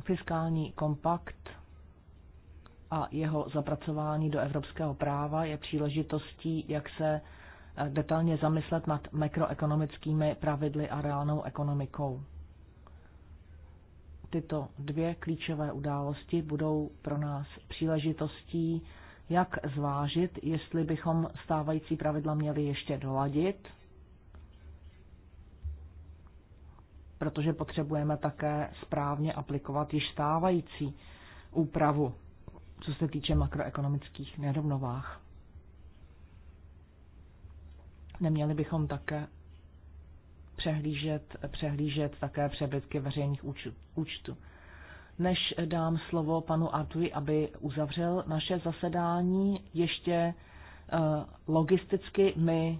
fiskální kompakt a jeho zapracování do evropského práva je příležitostí, jak se eh, detailně zamyslet nad makroekonomickými pravidly a reálnou ekonomikou. Tyto dvě klíčové události budou pro nás příležitostí, jak zvážit, jestli bychom stávající pravidla měli ještě doladit, protože potřebujeme také správně aplikovat již stávající úpravu co se týče makroekonomických nerovnovách. Neměli bychom také přehlížet, přehlížet také přebytky veřejných účtů. Než dám slovo panu Artuji, aby uzavřel naše zasedání, ještě eh, logisticky my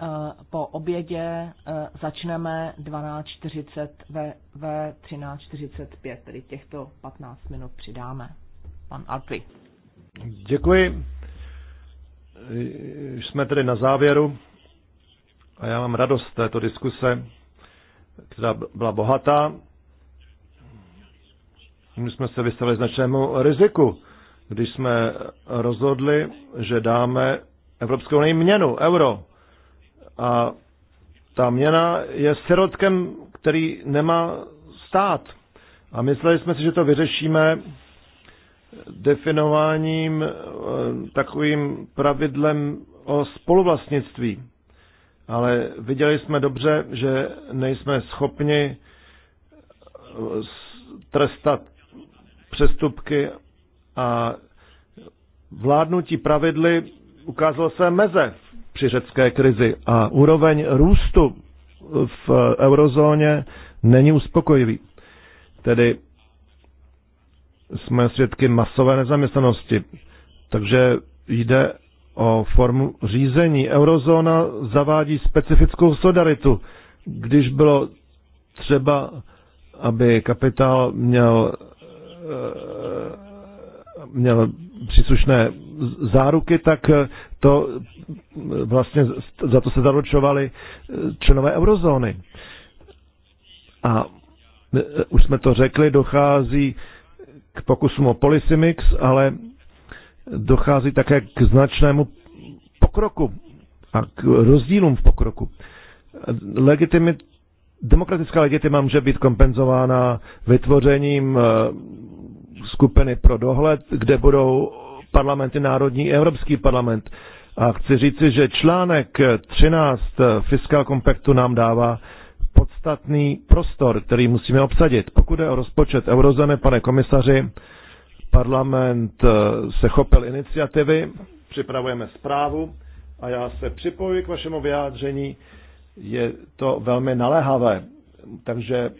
eh, po obědě eh, začneme 12.40 ve 13.45, tedy těchto 15 minut přidáme pan Artvi. Děkuji. Jsme tedy na závěru a já mám radost této diskuse, která byla bohatá. My jsme se vystavili značnému riziku, když jsme rozhodli, že dáme Evropskou unii měnu, euro. A ta měna je sirotkem, který nemá stát. A mysleli jsme si, že to vyřešíme definováním eh, takovým pravidlem o spoluvlastnictví. Ale viděli jsme dobře, že nejsme schopni eh, trestat přestupky a vládnutí pravidly ukázalo se meze při řecké krizi a úroveň růstu v eurozóně není uspokojivý. Tedy jsme svědky masové nezaměstnanosti. Takže jde o formu řízení. Eurozóna zavádí specifickou solidaritu. Když bylo třeba, aby kapitál měl, eh, měl příslušné záruky, tak to vlastně za to se zaručovali členové eurozóny. A eh, už jsme to řekli, dochází k pokusům o polysimix, ale dochází také k značnému pokroku a k rozdílům v pokroku. Legitimit, demokratická legitima může být kompenzována vytvořením eh, skupiny pro dohled, kde budou parlamenty národní Evropský parlament. A chci říci, že článek 13 eh, Fiskal Compactu nám dává podstatný prostor, který musíme obsadit. Pokud je o rozpočet eurozóny, pane komisaři, parlament eh, se chopil iniciativy, připravujeme zprávu a já se připojuji k vašemu vyjádření. Je to velmi naléhavé, takže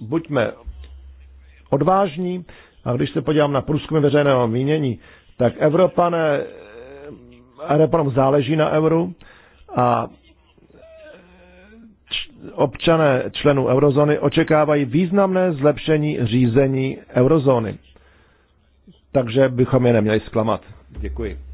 buďme odvážní a když se podívám na průzkumy veřejného mínění, tak Evropané, Evropanům eh, záleží na euru a občané členů eurozóny očekávají významné zlepšení řízení eurozóny. Takže bychom je neměli zklamat. Děkuji.